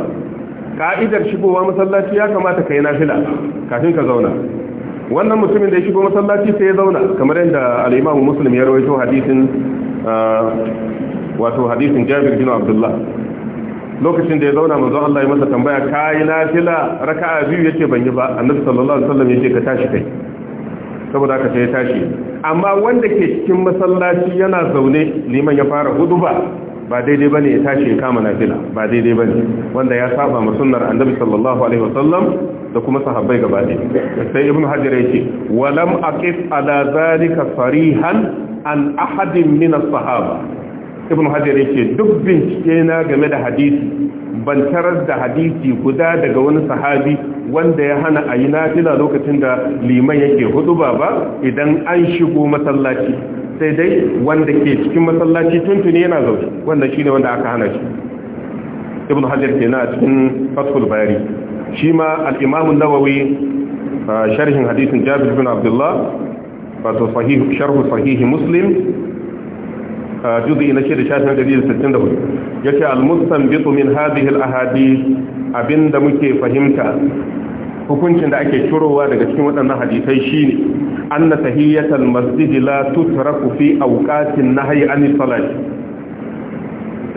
[SPEAKER 1] ka'idar shigowa masallaci ya kamata ka yi nafila kafin ka zauna wannan mutumin da ya shigo masallaci sai ya zauna kamar yadda al'imamu musulmi ya rawaito hadisin ah, wato hadisin jabir bin abdullah lokacin da ya zauna manzo Allah ya masa tambaya kai nafila raka'a biyu yace ban yi ba annabi sallallahu alaihi wasallam yace ka tashi kai saboda haka sai ya tashi amma wanda ke cikin masallaci yana zaune liman ya fara huɗu ba daidai bane ya tashi ya kama nafila ba daidai bane wanda ya saba ma sunnar annabi sallallahu alaihi wasallam da kuma sahabbai gaba ɗaya sai ibnu hajar yake walam aqif ala zalika farihan an ahadin min as-sahaba ibnu hajar yake duk bincike na game da hadisi ban tarar da hadisi guda daga wani sahabi wanda ya hana a yi nafila lokacin da liman yake huduba ba idan an shigo masallaci sai dai wanda ke cikin masallaci tuntuni yana zaune wanda ne wanda aka hana shi ibn hajar kenan a cikin fathul bayari shi ma al nawawi a sharhin hadisin jabir bin abdullah wato sharhu sahihi muslim a juzi na shida shafin 164 yace al-mustanbitu min hadhihi al-ahadith abinda muke fahimta hukuncin da ake cirowa daga cikin waɗannan hadisai shine anna tahiyatul masjid la tutraku fi awqatin nahyi anis salat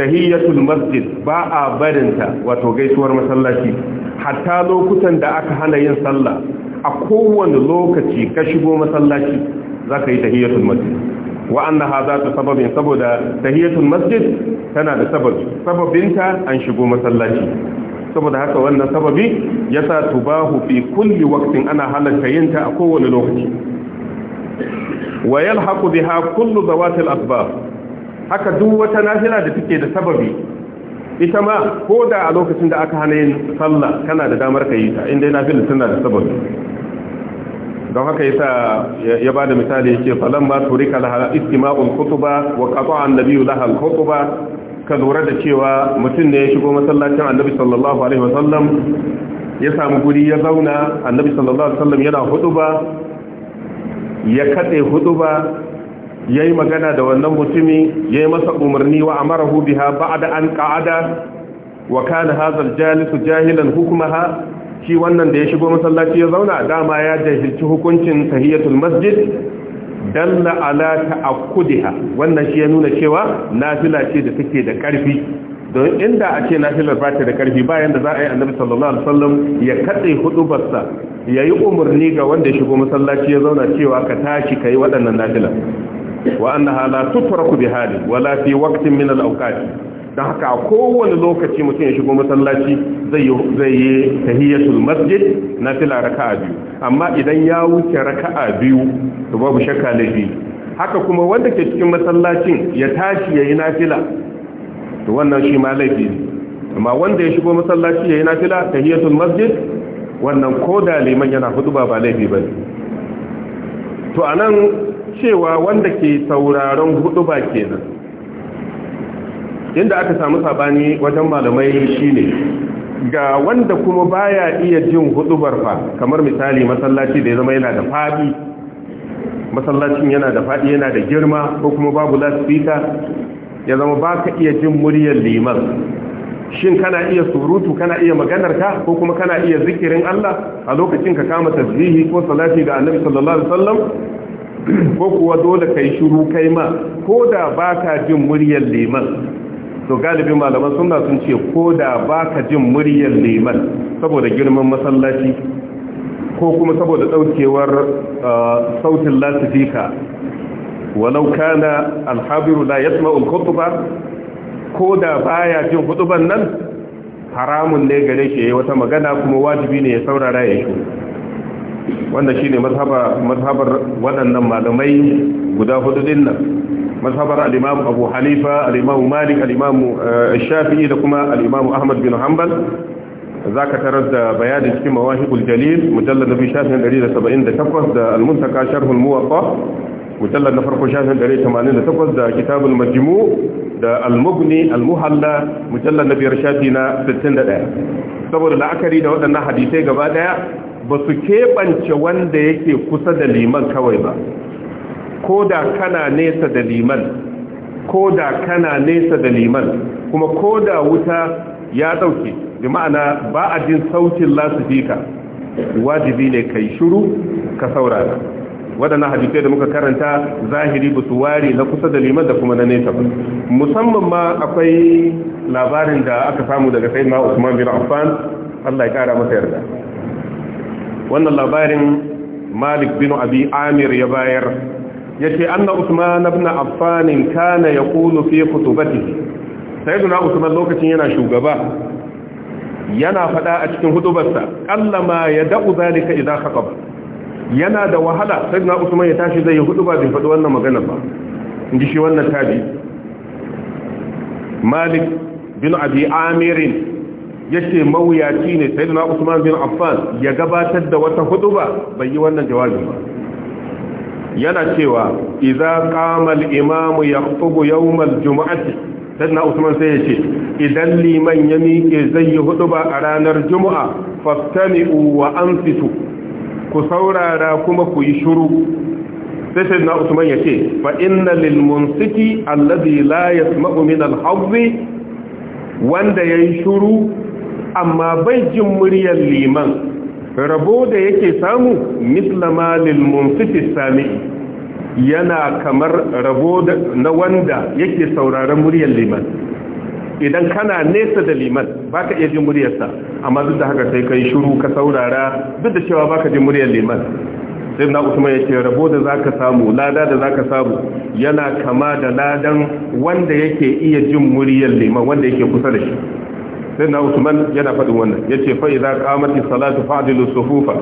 [SPEAKER 1] tahiyatul masjid ba a barinta wato gaisuwar masallaci hatta lokutan da aka hana yin sallah a kowane lokaci ka shigo masallaci zaka yi tahiyatul masjid wa annaha za ta sababin saboda tahiyatul masjid tana da sababi sababinta an shigo masallaci saboda haka wannan sababi yasa tubahu fi kulli waqtin ana halarta ta a kowane lokaci wa yalhaqu biha kullu zawatil asbab haka duk wata nafila da take da sababi ita ma ko da a lokacin da aka hana yin sallah kana da damar ka yi ta inda nafila tana da sababi don haka yasa ya da misali ce. falan ba turika laha istima'ul kutuba wa qata'a annabiyyu laha kutuba ka lura da cewa mutum ne ya shigo masallacin annabi sallallahu alaihi wasallam ya samu guri ya zauna annabi sallallahu alaihi wasallam yana ba. ya ba. Ya yayi magana da wannan mutumi yi masa umarni wa amarahu biha ba'da an ka'ada wa kana hadha al jahilan hukmaha shi wannan da ya shigo masallaci ya zauna dama ya jahilci hukuncin tahiyatul masjid dalla ala ta'akkudiha wannan shi ya nuna cewa nafila ce da take da karfi don inda a ce nafilar ba ta da karfi bayan da za a yi annabi sallallahu alaihi wasallam ya katse hudubarsa ya yi umarni ga wanda ya shigo masallaci ya zauna cewa ka tashi ka yi waɗannan nafila. wa annaha la tutraku bi wala fi waqtin min al-awqat don haka a kowane lokaci mutum ya shigo masallaci zai yi tahiyatul masjid na fila raka'a biyu amma idan ya wuce raka'a biyu to babu shakka laifi haka kuma wanda ke cikin masallacin ya tashi yayi nafila to wannan shi ma laifi ne amma wanda ya shigo masallaci yayi nafila tahiyatul masjid wannan ko da liman yana hudu ba laifi bane to anan cewa wanda ke sauraron ba kenan inda aka samu sabani wajen malamai shine ga wanda kuma baya iya jin hudubar fa kamar misali masallaci da ya zama yana da fadi masallacin yana da fadi yana da girma ko kuma babu lasfika ya zama baka iya jin muryar liman shin kana iya surutu kana iya maganar ka ko kuma kana iya zikirin Allah a lokacin ka kama tasbihi ko salati ga Annabi sallallahu alaihi wasallam ko kuwa dole kai shiru kai ma ko da baka jin muryar liman to galibin malaman sunna sun ce ko da baka jin muryar liman saboda girman masallaci ko kuma saboda daukewar uh, sautin latifika walau kana alhabiru la yasma'u alkhutba ko da baya jin khutban nan haramun ne gare shi wata magana kuma wajibi ne ya saurara ya shi wanda shine mazhaba mazhabar waɗannan malamai guda hudu din nan mazhabar al-Imam Abu Hanifa Alimamu Malik Alimamu eh, Shafi'i da kuma Alimamu Ahmad bin Hanbal ka tarar da bayanin cikin mawahibul jalil mujallad nabi shafin 178 da al-muntaka sharhul muwatta mujallad na farko shafin 188 da kitabul Majimu da al-mughni al-muhalla mujallad na biyar shafi na 61 saboda la'akari da waɗannan hadisai gaba ɗaya. ba su keɓance wanda yake kusa da liman kawai ba ko da kana nesa da liman ko da kana nesa da liman kuma ko da wuta ya ɗauke da ma'ana ba a jin sautin lasifika wajibi ne ka yi shuru ka saurara waɗannan hadisai da muka karanta zahiri ba su ware na kusa da liman da kuma na nesa ba musamman ma akwai labarin da aka samu daga sai ma usman bin affan allah ya kara masa yarda wannan labarin malik bin abi amir ya bayar ya ce anna usman ibn affan kana yaqulu fi Sai duna usman lokacin yana shugaba yana fada a cikin hudubarsa kallama yad'u zalika idza khataba yana da wahala sai duna usman ya tashi zai yi huduba bin faɗi wannan magana ba inji shi wannan tabi malik bin abi amirin yace mawuyaci ne sayyidina Usman bin Affan ya gabatar da wata ba. bai yi wannan jawabi ba yana cewa iza qama al-imamu yakhutubu yawm al sai sayyidina Usman sai yace idan liman ya miƙe zai yi ba a ranar Juma'a fastami'u wa fito ku saurara kuma ku yi shiru sai sayyidina Usman yace fa inna lil-munsiki alladhi la yasma'u min al-hazzi wanda yayi shiru amma bai jin muryar liman rabo da yake samu mislama lil munsifi sami yana kamar rabo na wanda yake sauraron muryar liman idan kana nesa da liman baka iya jin muryarsa amma duk da haka sai kai shiru ka saurara duk da cewa baka jin muryar liman sai na usman ya ce rabo da zaka samu lada da zaka samu yana kama da ladan wanda yake iya jin muryar liman wanda yake kusa da shi sai na usman yana faɗin wannan ya ce fa idan kamati salatu fadilu sufufa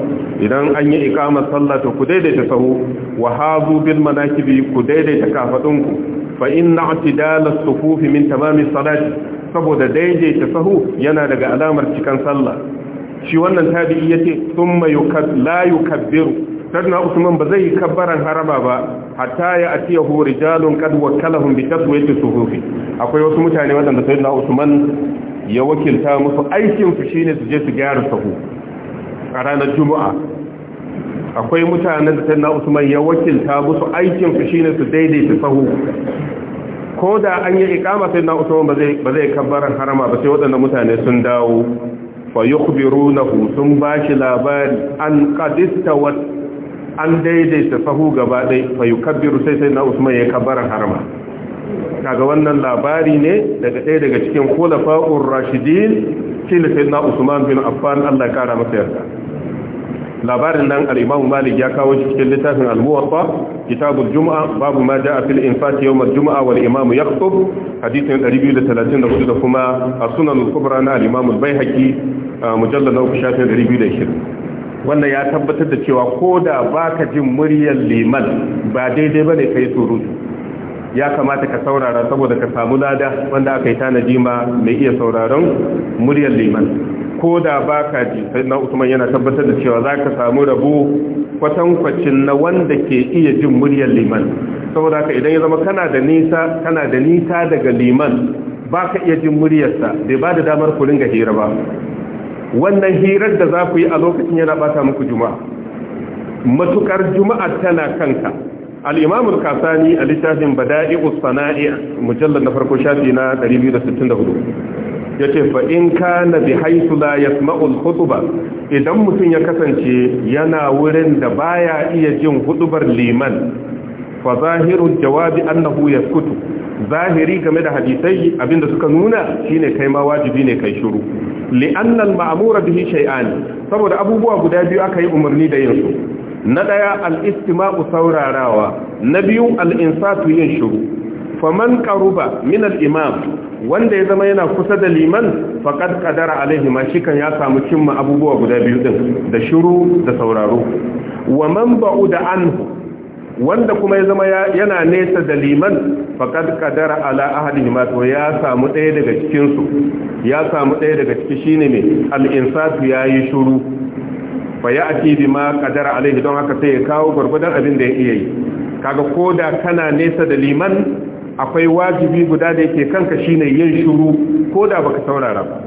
[SPEAKER 1] idan an yi ikamar sallata ku daidaita sahu wa hazu bil manakibi ku daidaita kafadunku fa inna atidala sufufi min tamami salati saboda daidaita sahu yana daga alamar cikan sallah shi wannan tabi'i yace thumma la yukabbiru sannan usman ba zai kabbaran haraba ba hatta ya atiyahu rijalun qad wakkalahum bi taswiyati sufufi akwai wasu mutane wadanda sayyidina usman ya wakilta musu aikinsu shi ne su je su gyara sahu a ranar juma'a akwai mutanen da tanna usman ya wakilta musu aikinsu shi ne su daidaita sahu ko da an yi ikama sai na usman ba zai kabbaran harama ba sai waɗanda mutane sun dawo fa hu sun bashi labari an qadista wa an daidaita sahu gaba ɗaya fa yukabbiru sai sai na usman ya kabbaran harama kaga wannan labari ne daga ɗaya daga cikin khulafa'ur rashidin shi sai na Usman bin Affan Allah kara masa yarda labarin nan al'imamu Malik ya kawo shi cikin littafin al’uwarfa kitabun kitabul babu ma ja a fil infat yawm al-jum'a wal ya yakhutub hadithin 234 da kuma sunan al-Kubra na al-Imam al-Baihaqi 220 wannan ya tabbatar da cewa ko da baka jin muryar liman ba daidai ba ne ka yi surutu ya kamata ka saurara saboda ka samu lada wanda aka yi tanadi ma mai iya sauraron muryar liman ko da ba ka ji sai na usman yana tabbatar da cewa za ka samu rabu kwatankwacin na wanda ke iya jin muryar liman saboda ka idan ya zama kana da nisa kana da nisa daga liman ba ka iya jin muryarsa bai ba da damar ku ringa hira ba wannan hirar da za ku yi a lokacin yana bata muku juma'a matukar juma'a tana kanka al kasani a littafin Bada'i sana'i mujallar na farko shafi na 264 yace fa in na bi haythu la yasma'u al-khutba idan mutum ya kasance yana wurin da baya iya jin huɗubar liman fa zahirul jawabi annahu yaskutu zahiri game da hadisai abinda suka nuna shine kai ma wajibi ne kai shiru Li'annan al bihi shay'an saboda abubuwa guda biyu aka yi umarni da yin su na daya al-istima'u saurarawa na biyu al-insatu yin shiru faman qaruba min al-imam wanda ya zama yana kusa da liman faqad qadara alaihi ma shi ya samu cimma abubuwa guda biyu din da shuru da sauraro wa man ba'uda anhu wanda kuma ya zama yana nesa da liman faƙad ƙadara ala ahadihi ya samu ɗaya daga cikinsu ya samu ɗaya daga ciki shine mai al’insatu ya yi shuru fa bi ma qadara alaihi don haka sai ya kawo gurgudan abin da ya iya yi kaga ko da kana nesa da liman akwai wajibi guda da yake kanka shine yin shiru koda baka saurara ba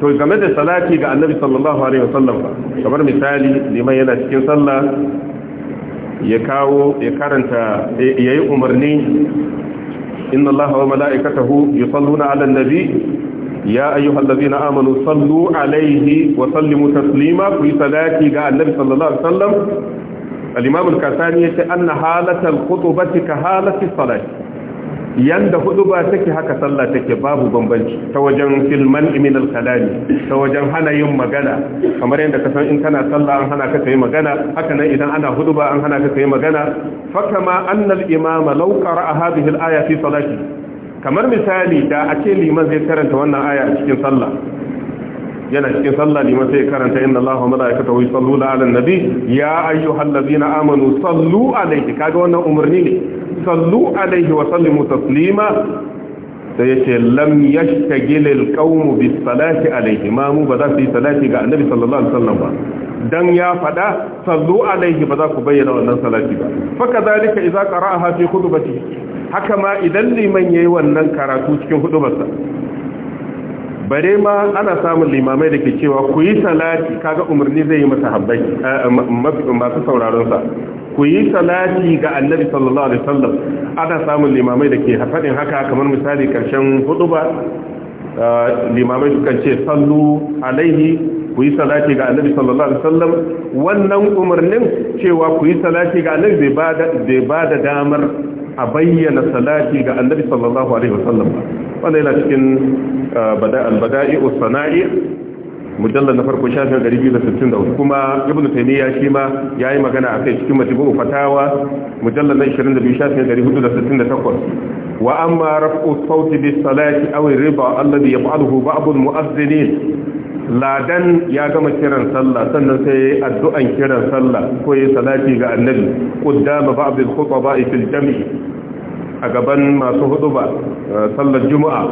[SPEAKER 1] to game da salati ga annabi sallallahu alaihi wasallam kamar misali liman yana cikin sallah ya kawo ya karanta yayi umarni inna allaha wa mala'ikatahu yusalluna 'alan nabi ya ayyuhal na amanu sallu alayhi wa sallimu taslima ku salati ga annabi sallallahu alaihi wasallam al-imam al-kasani yace anna halatal khutbati ka halati salati yanda huduba take haka sallah take babu bambanci ta wajen filman min al-kalami ta wajen hana yin magana kamar yanda ka san in kana sallah an hana ka kai magana haka nan idan ana huduba an hana ka kai magana fa kama anna al-imama law qara'a hadhihi al-aya fi salati kamar misali da a ce liman zai karanta wannan aya a cikin sallah yana cikin sallah liman sai karanta inna Allah wa mala'ikatahu yusalluna ala nabi ya ayyuhallazina amanu sallu 'alayhi kaga wannan umarni ne sallu 'alayhi wa sallimu taslima sai yace lam yashtagil alqawm bis salati 'alayhi ma mu ba za su yi salati ga annabi sallallahu alaihi wasallam ba dan ya fada sallu 'alayhi ba za ku bayyana wannan salati ba fa kadhalika idza qara'aha fi khutbatihi haka ma idan liman yayi wannan karatu cikin hudubarsa bare ma ana samun limamai da ke cewa ku yi salati kaga umarni zai yi masa habbai eh, masu sauraron sa ku yi salati ga annabi sallallahu alaihi wasallam ana samun limamai da ke haɗin haka kamar misali karshen huduba limamai sukan ce sallu alaihi ku yi salati ga annabi sallallahu alaihi wasallam wannan umarnin cewa ku yi salati ga annabi bai ba da damar a bayyana salati ga annabi sallallahu alaihi wasallam wannan yana cikin ah, bada'i sana'i mujalla na farko shafin 264 kuma ibnu taymiya shi ma yayi magana akai cikin majmu'u fatawa mujalla na 22 shafin takwas. wa amma raf'u sauti bi salati aw riba alladhi yaf'aluhu ba'd al mu'azzinin ladan ya gama kiran sallah sannan sai addu'an kiran sallah ko yi salati ga annabi dama ba'd al khutaba fil jam'i a gaban masu ba eh, sallar juma'a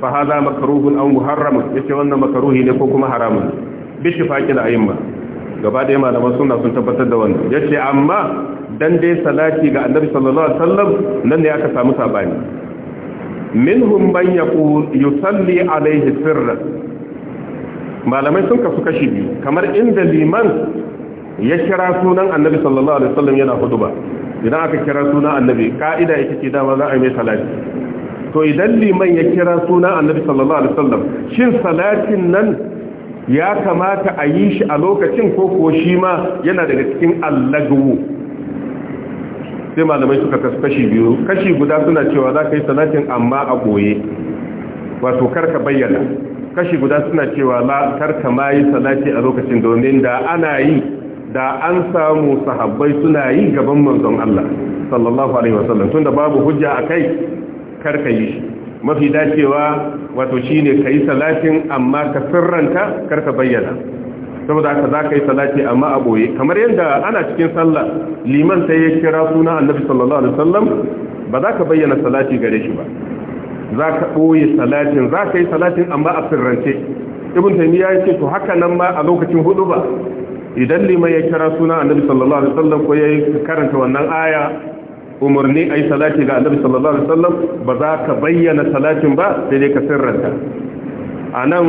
[SPEAKER 1] fa hada makruhun aw muharram yace wannan makruhi ne ko kuma haramun bi shifaqil a'imma gaba da malaman suna sun tabbatar da wannan yace amma dan dai salati ga annabi sallallahu alaihi wasallam nan ne aka samu sabani minhum man yaqul yusalli alaihi sirra malamai sun kasu kashi biyu kamar inda liman ya kira sunan annabi sallallahu alaihi wasallam yana huduba idan aka kira sunan annabi ka'ida ita ce dama za a yi mai salati to idan liman ya kira sunan annabi sallallahu alaihi wasallam shin salatin nan ya kamata a yi shi a lokacin ko ko shi ma yana daga cikin allagwu sai malamai suka kasu kashi biyu kashi guda suna cewa za ka yi salatin amma a goye wato karka bayyana kashi guda suna cewa la karka ma yi salati a lokacin domin da ana yi da an samu sahabbai suna yi gaban manzon Allah sallallahu alaihi wasallam tunda babu hujja akai karka yi shi mafi dacewa wato shine kai salatin amma ka sirranta karka bayyana saboda haka za ka yi salati amma a boye kamar yadda ana cikin sallah liman sai ya kira suna annabi sallallahu alaihi wasallam ba za ka bayyana salati gare shi ba za ka boye salatin za ka yi salatin amma a sirrance ibn taymiya ya ce to haka nan ma a lokacin hudu ba idan liman ya kira suna annabi sallallahu alaihi wasallam ko ya karanta wannan aya umarni a yi salati ga annabi sallallahu alaihi wasallam ba za ka bayyana salatin ba sai dai ka sirranta a nan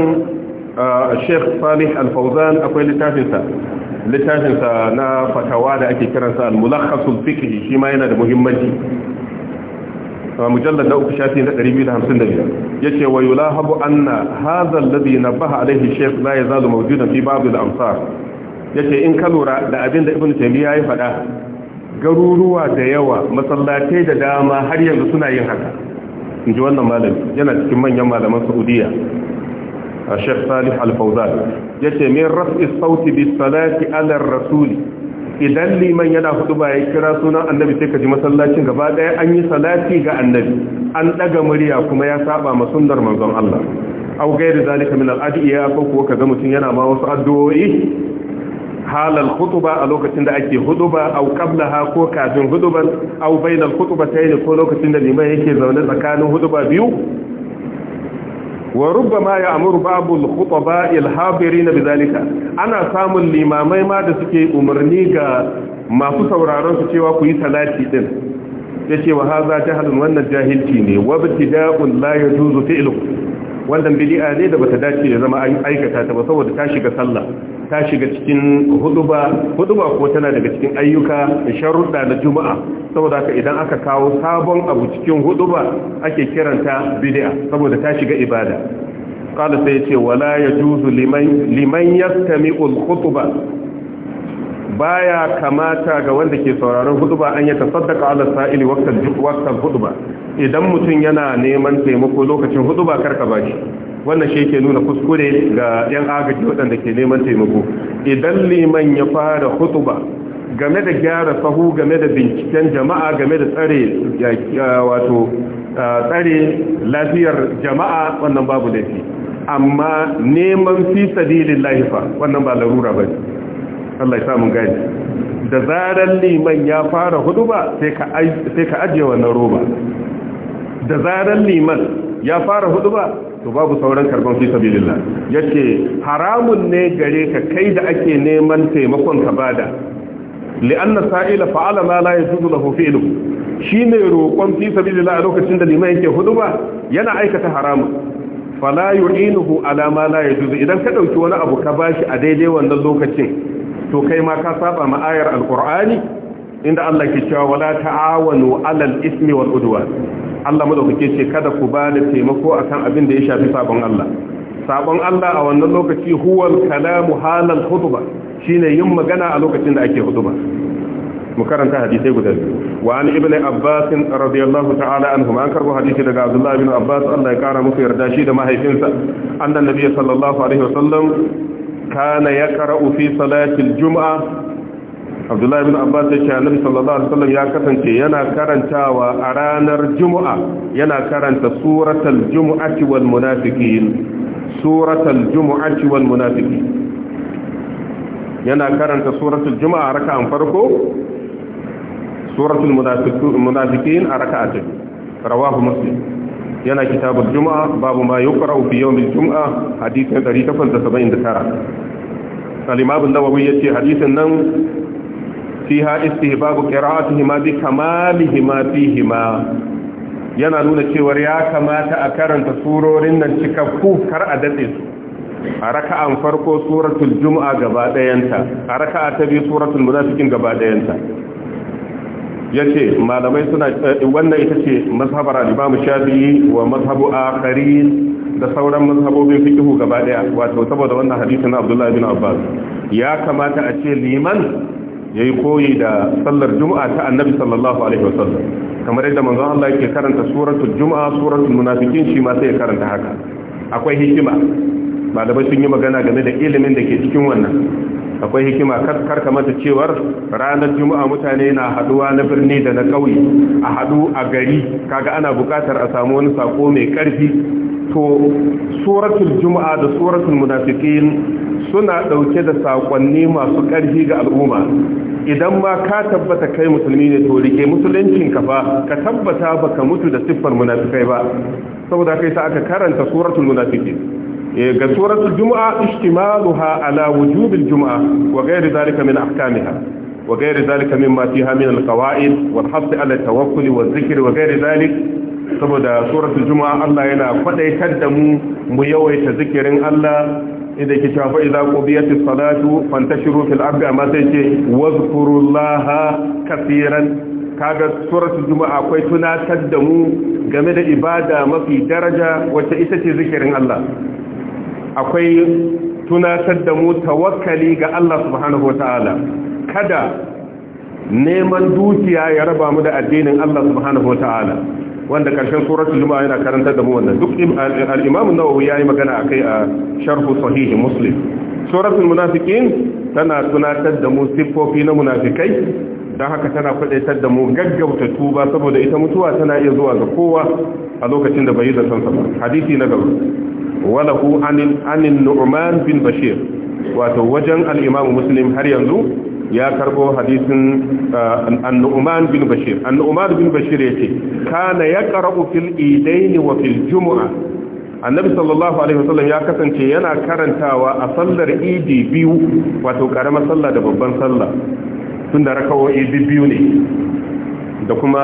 [SPEAKER 1] Sheikh Salih Al-Fauzan akwai littafinsa littafinsa na fatawa da ake kiransa al-mulakhasul fiqh shi ma yana da muhimmanci mujallad na uku shafi na 255 yace wa yulahabu anna hadha alladhi nabaha alayhi shaykh la yazalu mawjudan fi ba'd al-amsar yace in ka lura da abin da ibnu taymiya ya faɗa garuruwa da yawa masallatai da dama har yanzu suna yin haka inji wannan malami yana cikin manyan malaman saudiya a shek salih alfauzan min rafi sauti bi salati alar rasuli idan liman yana hudu ba ya kira sunan annabi sai ka ji masallacin gaba an yi salati ga annabi an ɗaga murya kuma ya saba ma sunnar manzon Allah au gairi zalika min al-adiya ko kuwa kaga mutum yana ba wasu addu'o'i halal khutuba a lokacin da ake huduba au qablaha ko kafin huduban au bainal khutubatayn ko lokacin da liman yake zaune tsakanin huduba biyu wa rubbama ya amuru babu khutaba ilhabirin bizalika ana samun limamai ma da suke umarni ga masu sauraron su cewa ku yi salati din yace wa haza jahalun wannan jahilci ne wa btida'un la yajuzu fi'lu wannan bid'a ne da bata dace da zama an aikata ta ba saboda ta shiga sallah ta shiga cikin huduba huduba ko tana daga cikin ayyuka da sharuɗa na juma'a saboda ka idan aka kawo sabon abu cikin huduba ake kiranta bid'a saboda ta shiga ibada qala sai yace wala yajuzu liman liman yastami'u al-khutba baya kamata ga wanda ke sauraron huduba an ya tasaddaka ala sa'ili waqtan waqtan huduba idan mutun yana neman taimako lokacin huduba karka bashi wannan shi ke nuna kuskure ga 'yan agaji waɗanda ke neman taimako idan liman ya fara hutuba game da gyara sahu game da binciken jama'a game da tsare wato tsare lafiyar jama'a wannan babu laifi amma neman fi sabilin lahifa wannan ba larura ba Allah ya mun gani da zarar liman ya fara hudu ba sai ka ajiye wannan roba da zarar liman ya fara hudu ba to babu sauran karban fi sabilillah yace haramun ne gare ka kai da ake neman taimakon ka bada li'anna sa'ila fa'ala ma la yajuzu lahu fi'lu shine roƙon fi sabilillah a lokacin da liman yake hudu ba yana aikata haramun fala yu'inuhu ala ma la yajuzu idan ka dauki wani abu ka bashi a daidai wannan lokacin to kai ma ka saba ma ayar alqur'ani inda Allah ke cewa wala ta'awanu alal ismi wal udwan Allah madaukake ce kada ku ba da taimako akan abin da ya shafi sabon Allah sabon Allah a wannan lokaci huwal kalamu halal khutba shine yin magana a lokacin da ake khutba mu karanta hadisi guda wa an ibn abbas radiyallahu ta'ala anhu an karbo hadisi daga abdullah ibn abbas Allah ya kara musu yarda shi da mahaifinsa annan nabi sallallahu alaihi wasallam kana yaqra'u fi salati al-jum'a abdullahi bin abbas ya ce annabi sallallahu alaihi wasallam ya kasance yana karantawa a ranar juma'a yana karanta suratal jumu'ati wal munafiqin suratal jumu'ati wal munafiqin yana karanta suratul juma'a raka'an farko suratul munafiqin a raka'a ta rawahu muslim yana kitabul juma'a babu ma yuqra'u fi yawmil juma'a hadisi 879 al-imam an-nawawi yace hadisin nan fiha istihbabu qira'atihima bi kamalihima fihima yana nuna cewa ya kamata a karanta surorin nan cikakku kar a datse su a raka'an farko suratul jumu'a gaba dayanta a raka'a ta biyu suratul munafiqin gaba dayanta yace malamai suna wannan ita ce mazhabar al-Imam Shafi'i wa mazhabu akharin da sauran mazhabobin fiqhu gaba daya wato saboda wannan na Abdullahi bin Abbas ya kamata a ce liman yayi koyi da sallar juma'a ta annabi sallallahu alaihi wasallam kamar yadda manzo Allah yake karanta suratul juma'a suratul munafiqin shi ma sai ya karanta haka akwai hikima malamai sun yi magana game da ilimin da ke cikin wannan akwai hikima kar ka mata cewar ranar juma'a mutane na haduwa na birni da na ƙauye a hadu a gari kaga ana bukatar a samu wani sako mai karfi to suratul juma'a da suratul munafiqin suna ɗauke da saƙonni masu ƙarfi ga al'umma idan ma ka tabbata kai musulmi ne to rike musuluncin ka fa ka tabbata baka mutu da siffar munafikai ba saboda kai sa aka karanta suratul munafiqin eh, ga suratul jumu'a ishtimaluha ala wujubil jumu'a wa ghairi zalika min ahkamiha wa ghairi zalika mimma fiha min alqawaid wal hadd ala tawakkul wa dhikr wa ghairi zalik saboda suratul jumu'a Allah yana kwadaitar da mu mu yawaita zikirin Allah inda yake cewa fa idza qudiyat salatu fantashiru fil ardi amma sai ce wazkurullaha kaseeran kaga suratul juma'a akwai tunatar da mu game da ibada mafi daraja wacce ita ce zikirin Allah akwai tunatar da mu tawakkali ga Allah subhanahu wataala kada neman dukiya ya raba mu da addinin Allah subhanahu wataala wanda karshen suratu juma'a yana karanta da mu wannan duk al-imam an-nawawi yayi magana akai a sharh sahih muslim suratul munafiqin tana tunatar da mu na munafikai don haka tana kwadaitar da mu gaggauta tuba saboda ita mutuwa tana iya zuwa ga kowa a lokacin da bai yi sa ba hadisi na gaba walahu anin anin nu'man bin bashir wato wajen al-imam muslim har yanzu ya karbo hadisin uh, annu'uman bin bashir annu'uman bin bashir ya yace kana yaqra'u fil idaini wa fil juma'a? annabi sallallahu alaihi wasallam ya kasance yana karantawa a sallar idi biyu wato karamar sallah da babban sallah tun da rakawo idi biyu ne da kuma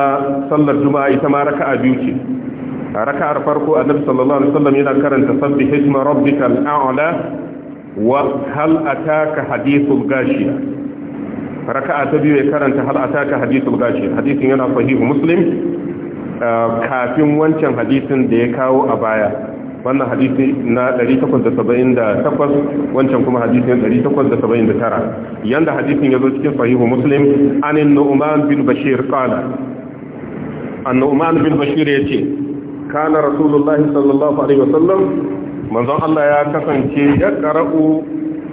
[SPEAKER 1] sallar juma'a ita ma raka'a biyu ce a raka'ar farko annabi sallallahu alaihi wasallam yana karanta sabbi hisma rabbikal a'la wa hal ataka hadithul gashiya raka'a ta biyu ya karanta hal ataka hadithul gashi hadisin yana sahihu muslim uh, kafin wancan hadisin da ya kawo a baya wannan hadisi na 878 wancan kuma hadisi na 879 yanda hadisin ya zo cikin sahihu muslim an nu'man bin bashir qala an nu'man bin bashir yace kana rasulullah sallallahu alaihi wasallam manzon Allah ya kasance ya qara'u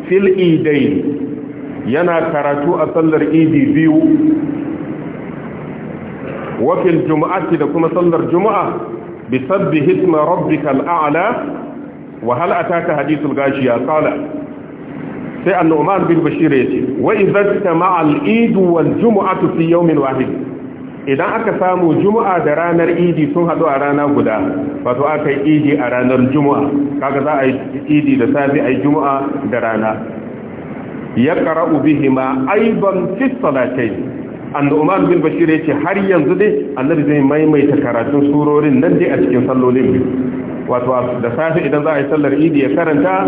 [SPEAKER 1] fil idain yana karatu a sallar idi biyu wakil juma'ati da kuma sallar juma'a bi sabbi hisma rabbikal a'la wa hal ataka hadithul gashiya qala sai annu'man bin bashir yace wa idza tama'a al-eid wal jum'atu fi yawmin wahid idan aka samu juma'a da ranar idi sun hadu a rana guda wato aka yi idi a ranar juma'a kaga za a yi idi da safi a yi juma'a da rana ya qara'u bihima aiban fi salatayn annu'man bin bashir ce har yanzu dai annabi zai maimaita karatun surorin nan dai a cikin sallolin wato da safe idan za a yi sallar idi ya karanta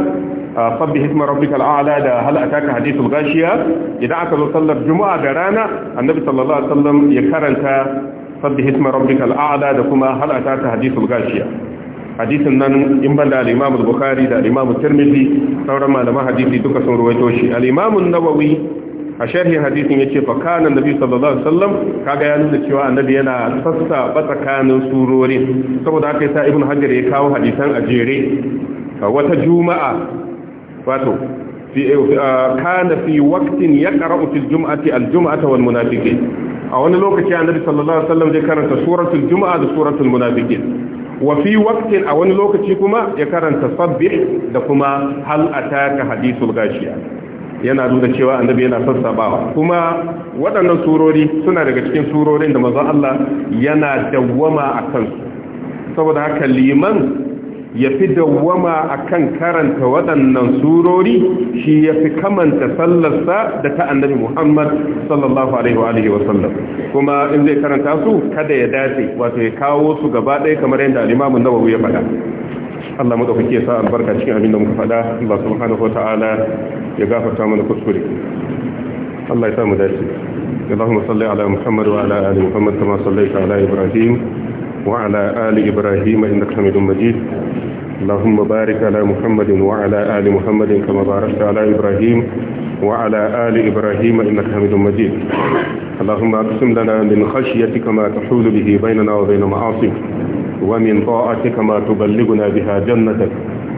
[SPEAKER 1] sabbi hisma rabbikal da hal ataka hadithul gashiya idan aka zo sallar juma'a da rana annabi sallallahu alaihi wasallam ya karanta sabbi hisma rabbikal da kuma hal ataka hadithul gashiya hadisin nan in banda al-Imam al-Bukhari da al-Imam Tirmidhi sauran malaman hadisi duka sun ruwaito shi al-Imam an-Nawawi a sharhin hadisin yace fa kana nabi sallallahu alaihi wasallam kaga ya nuna cewa annabi yana sassa tsakanin surorin saboda haka sai Ibn Hajar ya kawo hadisan a jere wata juma'a wato eh, ah, kana fi waqtin yaqra'u fil وقت al-jum'ata wal munafiqin a wani lokaci annabi sallallahu alaihi wasallam zai karanta suratul juma'a da suratul munafiqin wa fi waqtin a wani lokaci kuma ya karanta sabbih da kuma hal ataka hadithul gashiya yana nuna cewa annabi yana sassabawa kuma waɗannan surori suna daga cikin surorin da manzon Allah yana dawwama akan su saboda haka liman ya fi dawwama a kan karanta waɗannan surori shi ya fi kamanta sallarsa da ta annabi muhammad sallallahu alaihi wa sallam kuma in zai karanta su kada ya dace wato ya kawo su gaba ɗaya kamar yadda alimamun nawawi ya faɗa Allah mu dauke sa albarka cikin abin da muka faɗa Allah subhanahu wataala ya gafarta mana kuskure Allah ya samu dace اللهم صل على محمد وعلى ال محمد كما صليت على ابراهيم وعلى آل إبراهيم إنك حميد مجيد اللهم بارك على محمد وعلى آل محمد كما باركت على إبراهيم وعلى آل إبراهيم إنك حميد مجيد اللهم اقسم لنا من خشيتك ما تحول به بيننا وبين معاصيك ومن طاعتك ما تبلغنا بها جنتك